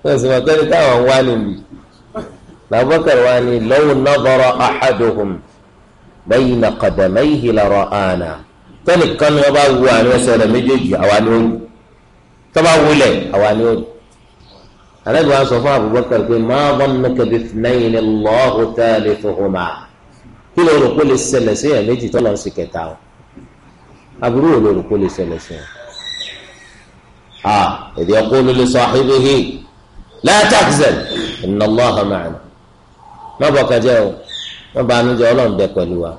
Speaker 1: sọ̀sọ̀ bàtà ni táwọn wá níbi làbọ̀kàrẹ̀ wá ní law nadara ahaduhum bayna qadamayhi la ra'ana tẹ́nìkan ni wọ́n bá wo àárín ẹsẹ̀ rẹ̀ méjèèjì àwa ni ó rí tọ́ba wulẹ̀ àwa ni ó rí. alẹ́ wa sọ fún Abubakar pé ma dhannuka bi ithnayni Allahu thalithuhuma kí ló rò lè ṣẹlẹ̀ sí ẹ̀ méjì tọ́lọ́ aburú wo ló rò kó lè ṣẹlẹ̀ sí wọn. a idh yaqulu li sahibihi la tahzan inna Allaha ma'ana má bọ̀kà jẹ́ o má bàánú jẹ́ ọlọ́run bẹ pẹ̀lú wa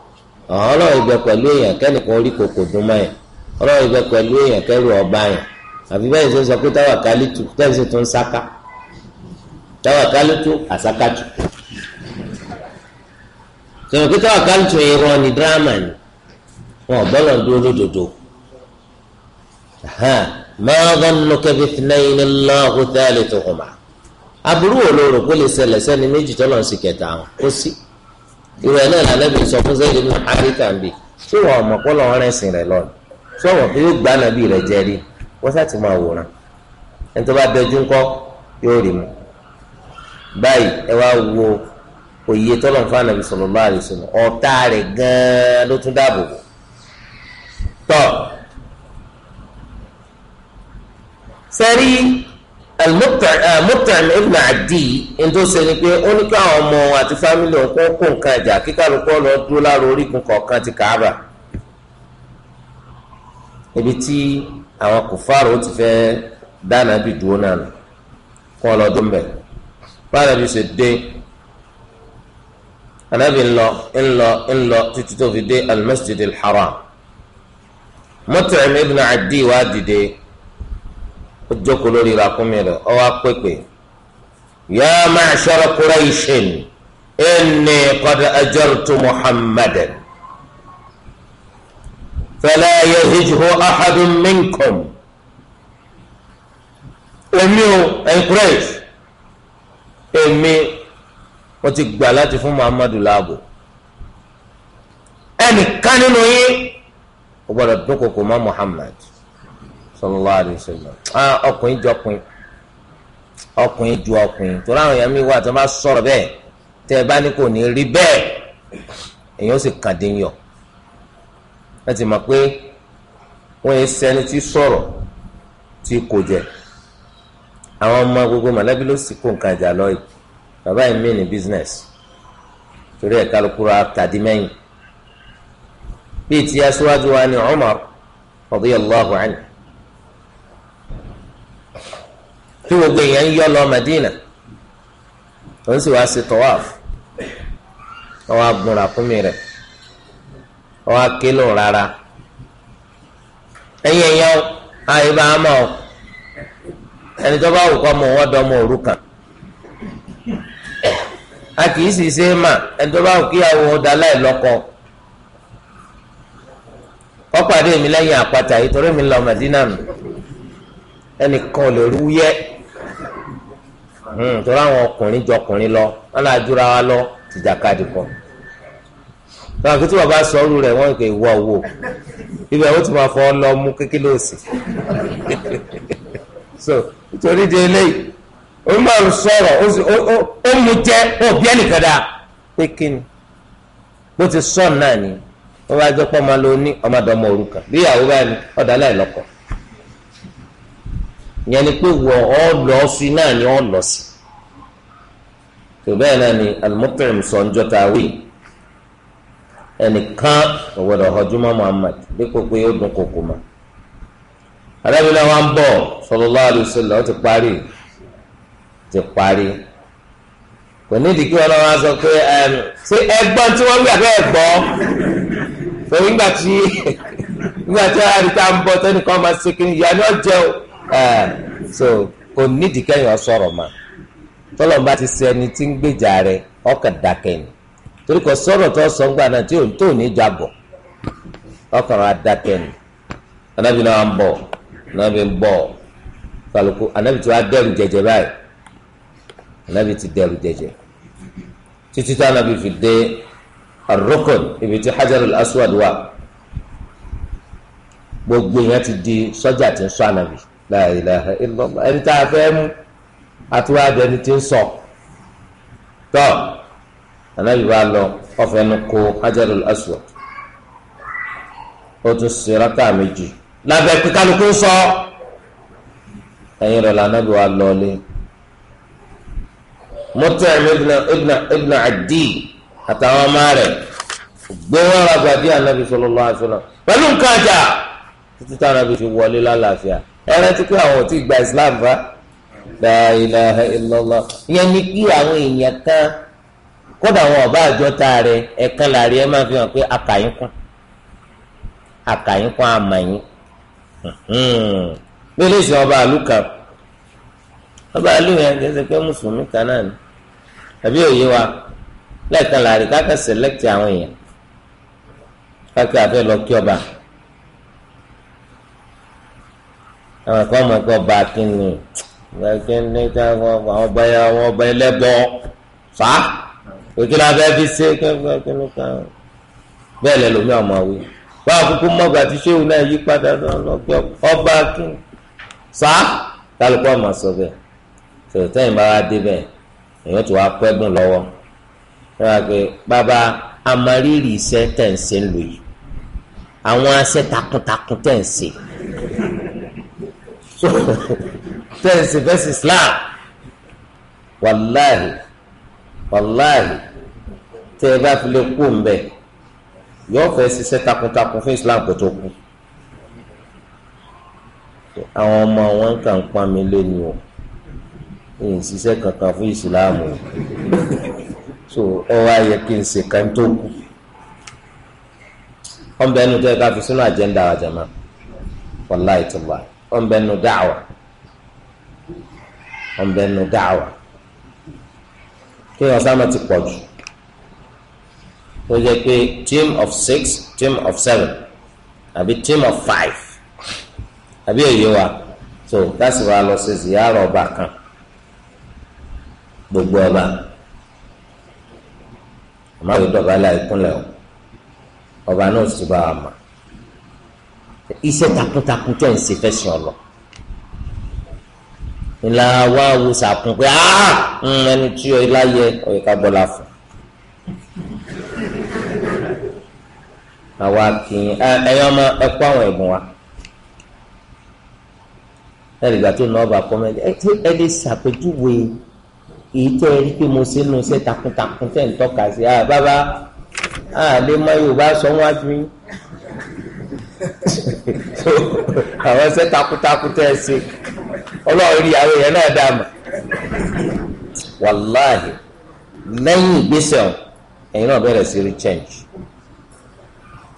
Speaker 1: ọ̀hún ọlọ́run bẹ pẹ̀lú èèyàn kẹ́nìkan orí kòkò dún mọ́ yẹn ọlọ́run bẹ pẹ̀lú èèyàn kẹ́rù ọba yẹn àfi bẹ́ẹ̀ ṣe sọ pé wọn bọ́lọ̀ dúró lódodo máa dánú kẹfì tìǹyìn lọ́hùn tẹ́lẹ̀ tó kùmà aburú wo ló rò kó lè ṣẹlẹ̀ sẹ́ni méjì tọ́lọ̀ sí kẹta wọn kó sí ìwé náà lànàbì sọ fún sẹ́yìn ní àríkàǹbì tí wọn mọ̀ kọ́ lọ́wọ́ rẹ̀ sìn rẹ̀ lọ́nà tí wọn fi yóò gbá nàbì rẹ̀ jẹ́ rí wọ́n sá ti máa wòran ẹni tó bá bẹjú ńkọ́ yóò rí mu báyìí ẹ wá wo òye tọ́lọ̀ fún ànàbì sallallahu alaihi sẹ́rí Mut'im eh, ibn Adi ntọ́ sọ ni pé ó ní káwọn ọmọ àti fámìlì òǹkọ́ kó nǹkan ẹ̀jà kíkàlùkọ́ lọ dúró lára orígun kọ̀ọ̀kan ti Kàábà ibi tí àwọn kòfàrò ti fẹ́ dáná bí dúró náà nù kọ́ lọ́dún bẹ̀ báyọ̀ bí ṣe dé anabi ńlọ ńlọ ńlọ títí tó fi dé al haram Mut'im ibn Adi wá dìde ó jókòó lórí ràkúnmí rẹ̀ ó wá pépè ya ma'shar Qurayshin inni qad ajartu Muhammadan fala yahijhu ahadun minkum èmi ò encourage èmi mo ti gbà láti fún Muhammadu láàbò ẹnìkan nínú yín ó dúnkòkò mọ́ Muhammad sallallahu alaihi wasallam ọkùnrin jọ ọkùnrin ọkùnrin ju ọkùnrin tó láwọn èèyàn mi wà tó bá sọ̀rọ̀ bẹ́ẹ̀ tẹ ẹ bá ní kò ní rí bẹ́ẹ̀ èèyàn ó sì kàn dé yọ ẹ ti mọ̀ pé wọn yẹ sẹni tí sọ̀rọ̀ tí kò jẹ àwọn ọmọ gbogbo mọ̀lẹ́bí ló sì kó nǹkan ìjà lọ yìí bàbá yìí mí ní business torí ẹ kálukú ra tàdí mẹ́yìn bíi ti aṣíwájú wa ni Umar radiyallahu anhu. tí gbogbo èèyàn ń yọ lọ Madina ó ń sì wá sí tawaf wọn á gun rẹ̀ wọn rárá ẹ̀yin ẹ̀yàn bá a ẹni tó bá wù kọ́ mọ̀ wọ́n dọ́mọ òru kan a kì í sì ṣe é mà ẹni tó bá wù kíyàwó Hmm, tora àwọn ọkùnrin jọkùnrin lọ wọn là wa lọ tìjàkadì kọ tọ́wọ́n àti tí sọ kò owó ibẹ̀ ti máa fọ lọ mú kékeré òsì so nítorí di eléyìí ó máa ń sọrọ ó mú jẹ ó bí ẹnìkan dáa pé bó ti sọ náà ni bá pọ́ máa bá ní ọ̀dà ni pé ọ lọ sí náà ni bẹ́ẹ̀ náà ni al-Mut'im sọ̀njọ́ ta wí ẹnìkan ọ̀wọ́dọ̀ ọ̀họ́júmọ́ Muhammad dípò pé ó dún kòkò mọ́ arábìnrin wa ń bọ̀ sallallahu alaihi wasallam ó ti parí ti parí kò ní ìdíkí wọn náà wá sọ pé ṣé ẹgbọ́n tí wọ́n gbà bẹ́ẹ̀ gbọ́ pé nígbà tí nígbà tí àríta ń bọ̀ tẹ́nìkan máa ṣe kí ni ìyá ni ó jẹ́ o so kò ní ìdíkẹ́yìn ọ sọ̀rọ̀ máa tọ́lọ̀ bá ti ṣe ẹni tí ń gbèjà rẹ ọkàn dákẹ́ ni torí kò sọ̀rọ̀ tó sọ ńgbà náà tí ò tó ní jabọ̀ ọkàn rà dákẹ́ ni anabi náà ń bọ̀ anabi ń bọ̀ kálukú anabi tí wàá dẹrù jẹjẹ báyìí anabi ti dẹrù jẹjẹ títí tí anabi fi dé arukun ibi tí hajarul aswad wà gbogbo yẹn ti di sọ́jà tí ń sọ anabi la ilaha ẹni tá a fẹ́ mú àtúwájú ẹni tí ń sọ tọ́ anabi bá lọ ọfẹ nu kó hajarul aswad ó tún ṣe rákà méjì lábẹ́ kíkálukú sọ ẹ̀yin rẹ̀ lànàbí wa lọ́ọ́lé Mut'im ibn ibn ibn Adi àtàwọn ọmọ rẹ̀ gbé wọn ra gbàdí ànábi sallallahu alaihi wasallam pẹ̀lú títí táwọn ànábi fi wọlé lálàáfíà ẹ rántí pé àwọn ò tí gba Islam fa. la ilaha illallah ìyẹn ni kí àwọn èèyàn kan kódà àwọn ọba àjọta rẹ ẹkan láàrin ẹ máa fi hàn pé akàyín kún akàyín kún àmàyín bí eléyìí ọba àlù ọba àlù yẹn kì pé mùsùlùmí kan náà ni àbí òye wa lẹ́ẹ̀kan láàrin select ọba àwọn ẹ̀kọ́ ọmọ ẹ̀kọ́ ọba kí ni. gbẹ̀gẹ́lẹ́ tá àwọn ọba ya àwọn ọba ẹlẹ́bọ fa òkèlè abẹ́ fi ṣe kẹ́kẹ́ kan bẹ́ẹ̀ lẹ́ lómi àwọn àwí báwo kúkú mọ́gà tí ṣéwù náà yí padà lọ́gbẹ́ ọba kí sa kálukú ọmọ sọ bẹ́ẹ̀ tòótọ́ ìmọ̀ wa dé bẹ́ẹ̀ èèyàn tó wá pẹ́gùn lọ́wọ́ lọ́wọ́ pé bàbá amárírì iṣẹ́ tẹ̀ ń ṣe ń lò yìí àwọn aṣẹ́ takuntakun tẹ̀ ń ṣe. tẹ̀sí fẹ́sì islam wàláhì wàláhì tẹ́ ẹ bá fi lè kú mbẹ yóò fẹ́ ṣiṣẹ́ takuntakun fún islam kó tó kú àwọn ọmọ wọn kàn pa mí lẹ́nu o n ṣiṣẹ́ kankan fún islam o so ẹ wá yẹ kí n ṣe kan tó kú ọ̀nbẹ́nu tẹ́ ẹ ká fi sínú àjẹ́ńdà àjàmá wàláhì tó wà ọ̀nbẹ́nu dáwà ọ̀nbẹ́nu dáwà kí ọ̀sán náà ti pọ̀ jù tó jẹ́ pé team of six team of seven àbí team of five àbí èyí wa so láti wá lọ sí ziyara ọba kan gbogbo ọba àmọ́ àwọn ìdọ̀bálẹ̀ ìkúnlẹ̀ o ọba náà sì bá wa mọ̀ iṣẹ́ takuntakun tẹ̀ ń ṣe fẹ́ sìn ìlà wa wo sàkún pé ah, mm, ẹni tí ọ ilá yẹ ọyẹ ká bọ́lá fún àwa kì í ẹyọ ọmọ ẹkọ àwọn ẹ̀bùn wa ẹ̀rì ìgbà tó ná ọba kọ́mẹ́ntì ẹ lè ṣàpèjúwe èyí tẹ́ ẹ rí pé mo ṣe ń nu iṣẹ́ takuntakun tẹ́ ń tọ́ka sí i ah, bàbá àlè mọ Yorùbá sọ wọ́n á ju yín àwọn iṣẹ́ takuntakun tẹ́ ẹ ṣe ọlọ́run rí àwọn èèyàn náà dáàmà wàláhì lẹ́yìn ìgbésẹ̀ ọ̀hún ẹ̀yin náà bẹ̀rẹ̀ sí rí change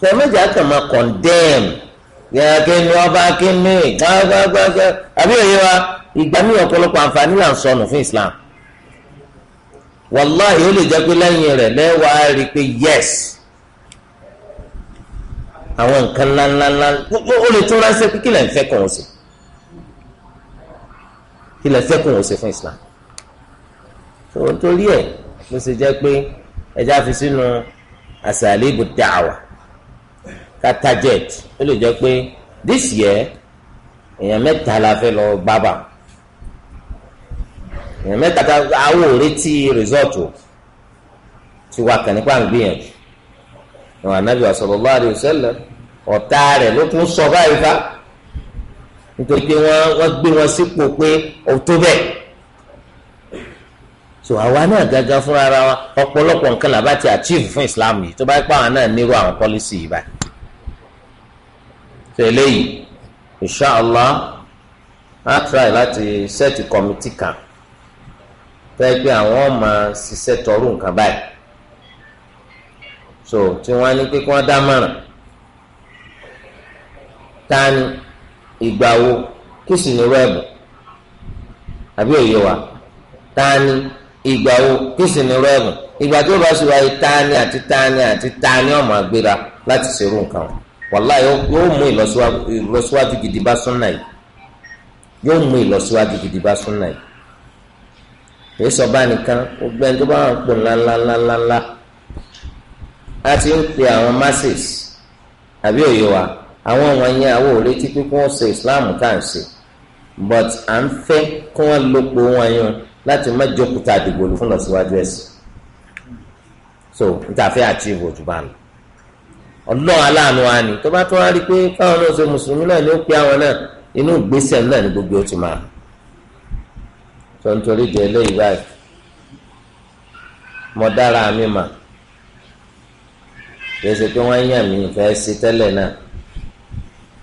Speaker 1: tẹ̀mẹ́jà kàn máa condemn yàrá kíni ọba kíni gbàgbàgbàgbà àbí òye wa ìgbà míì ọ̀pọ̀lọpọ̀ àǹfààní là ń sọnù fún Islam wàláhì ó lè jẹ́ pé lẹ́yìn rẹ̀ lẹ́wàá rí i pé yes àwọn nǹkan ńláńláńlá ó lè tún ránṣẹ́ pé kí lẹ́yìn fẹ́ kàn ó sì kí lẹ fẹ́kùn òsè fún islam tó torí ẹ̀ ló ṣe jẹ́ pé ẹja fi sínú àṣàlíbù da'wa ká target ó lè jẹ́ pé this year èèyàn mẹ́ta la fẹ́ lọ bábà èèyàn mẹ́ta ta àwọn ò retí result o ti wà kàn nípa gbìyànjú àwọn ànábì sallallahu alaihi wasallam ọ̀tá rẹ̀ ló tún sọ báyìí fa nítorí pé wọ́n wọ́n gbé wọn sípò pé òótọ́ bẹ́ẹ̀ so àwa náà gágá fúnra ara wa ọ̀pọ̀lọpọ̀ nǹkan làbá ti achieve fún Islam yìí tó bá pa àwọn náà nírú àwọn pọ́lísì yìí báyìí so eléyìí inshallah a try láti set committee kan fẹ́ pé àwọn ọmọ ṣiṣẹ́ tọrú nǹkan báyìí so tí wọ́n á ní pé kí wọ́n dá mọ̀ràn tani ìgbà wo kí sì ní irú àbí òye wa tani ìgbà wo kí sì ní irú ẹ̀bùn ìgbà tó bá ṣùgbọ́n ayé tani àti tani àti tani ọmọ agbéra láti ṣerú nǹkan wàláhì yóò mú ìlọsíwájú gidi bá súnà yìí yóò mú ìlọsíwájú gidi bá súnà yìí èyí sọ bá nìkan gbogbo ẹni tó bá wà ń pò ńláńláńláńlá a ti ń pe àwọn masses àbí òye wa àwọn wọ̀nyẹn àwọn ò retí pé kí wọ́n ṣe islam tá à ń ṣe but à ń fẹ́ kí wọ́n lòpọ̀ wọn yẹn láti má jókòtà àdìgbò lù fún lọ́síwájú ẹ̀sìn so n ta fẹ́ achieve òtún bá lọ ọlọ́run aláàánú wa ni tó bá tún wá rí i pé káwọn náà ṣe mùsùlùmí náà ni ó pe àwọn náà inú ìgbésẹ̀ náà ni gbogbo ó máa tó nítorí di eléyìí báyìí mo dára mi mà kì í ṣe pé wọ́n yàn mí ìfẹ́ sí tẹ́lẹ̀ náà.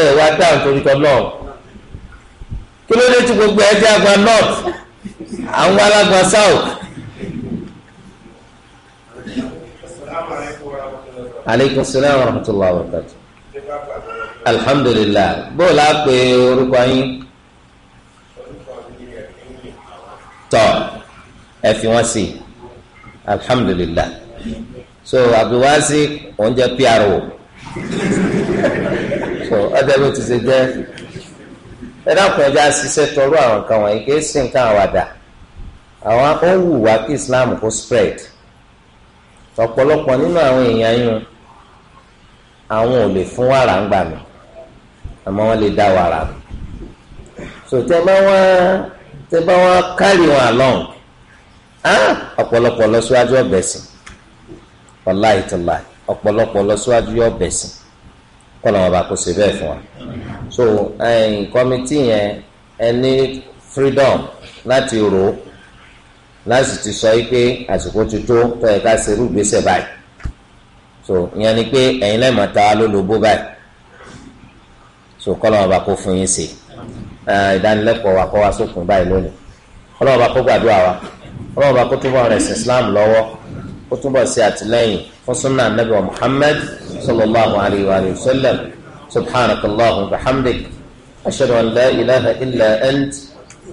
Speaker 1: ẹ wá dáhùn torí tọ́ lọ́ọ̀ kí ló dé tí gbogbo ẹ jẹ́ àgbà north àwọn alágbà south. aleykum salaam wa rahmatulah wa barakatuh alhamdulilah bó o la pe orúkọ yín tọ ẹ fi wọn sí alhamdulilah so àbí wá sí oúnjẹ pro. sọ ọjọ́ ló ti ṣe jẹ́ ẹ dákun ẹja tọrọ àwọn kan wọ̀nyí kì í nǹkan àwàdà àwọn ó wù kí Islam kó spread Ọpọlọpọ nínú àwọn èèyàn yín àwọn ò lè fún wàrà ń gbà mí àmọ́ wọ́n lè so tẹ bá tẹ bá wọn along lọ síwájú sí lọ síwájú kọ́nà ọba kò sí bẹ́ẹ̀ fún wa so kọ́mítì yẹn ẹ freedom láti rò ó láti ti sọ pé àsìkò ti tó tó ẹ̀ka ṣerú ìgbésẹ̀ báyìí so ìyẹn ni pé ẹ̀yin lẹ́ẹ̀mọ́ ta ló lobó báyìí so kọ́nà ọba kò fún yín sí ìdánilẹ́kọ̀ọ́ wa kọ́ wa sókun báyìí lónìí kọ́nà ọba kó gbàdúrà wa kọ́nà ọba kó túbọ̀ rẹ̀ sí Islam lọ́wọ́. kó túbọ̀ sí àtìlẹ́yìn fún sunnah nabi wa muhammad sallallahu alayhi wa sallam subhanakallahu wa bihamdik ashadu an la ilaha illa ant.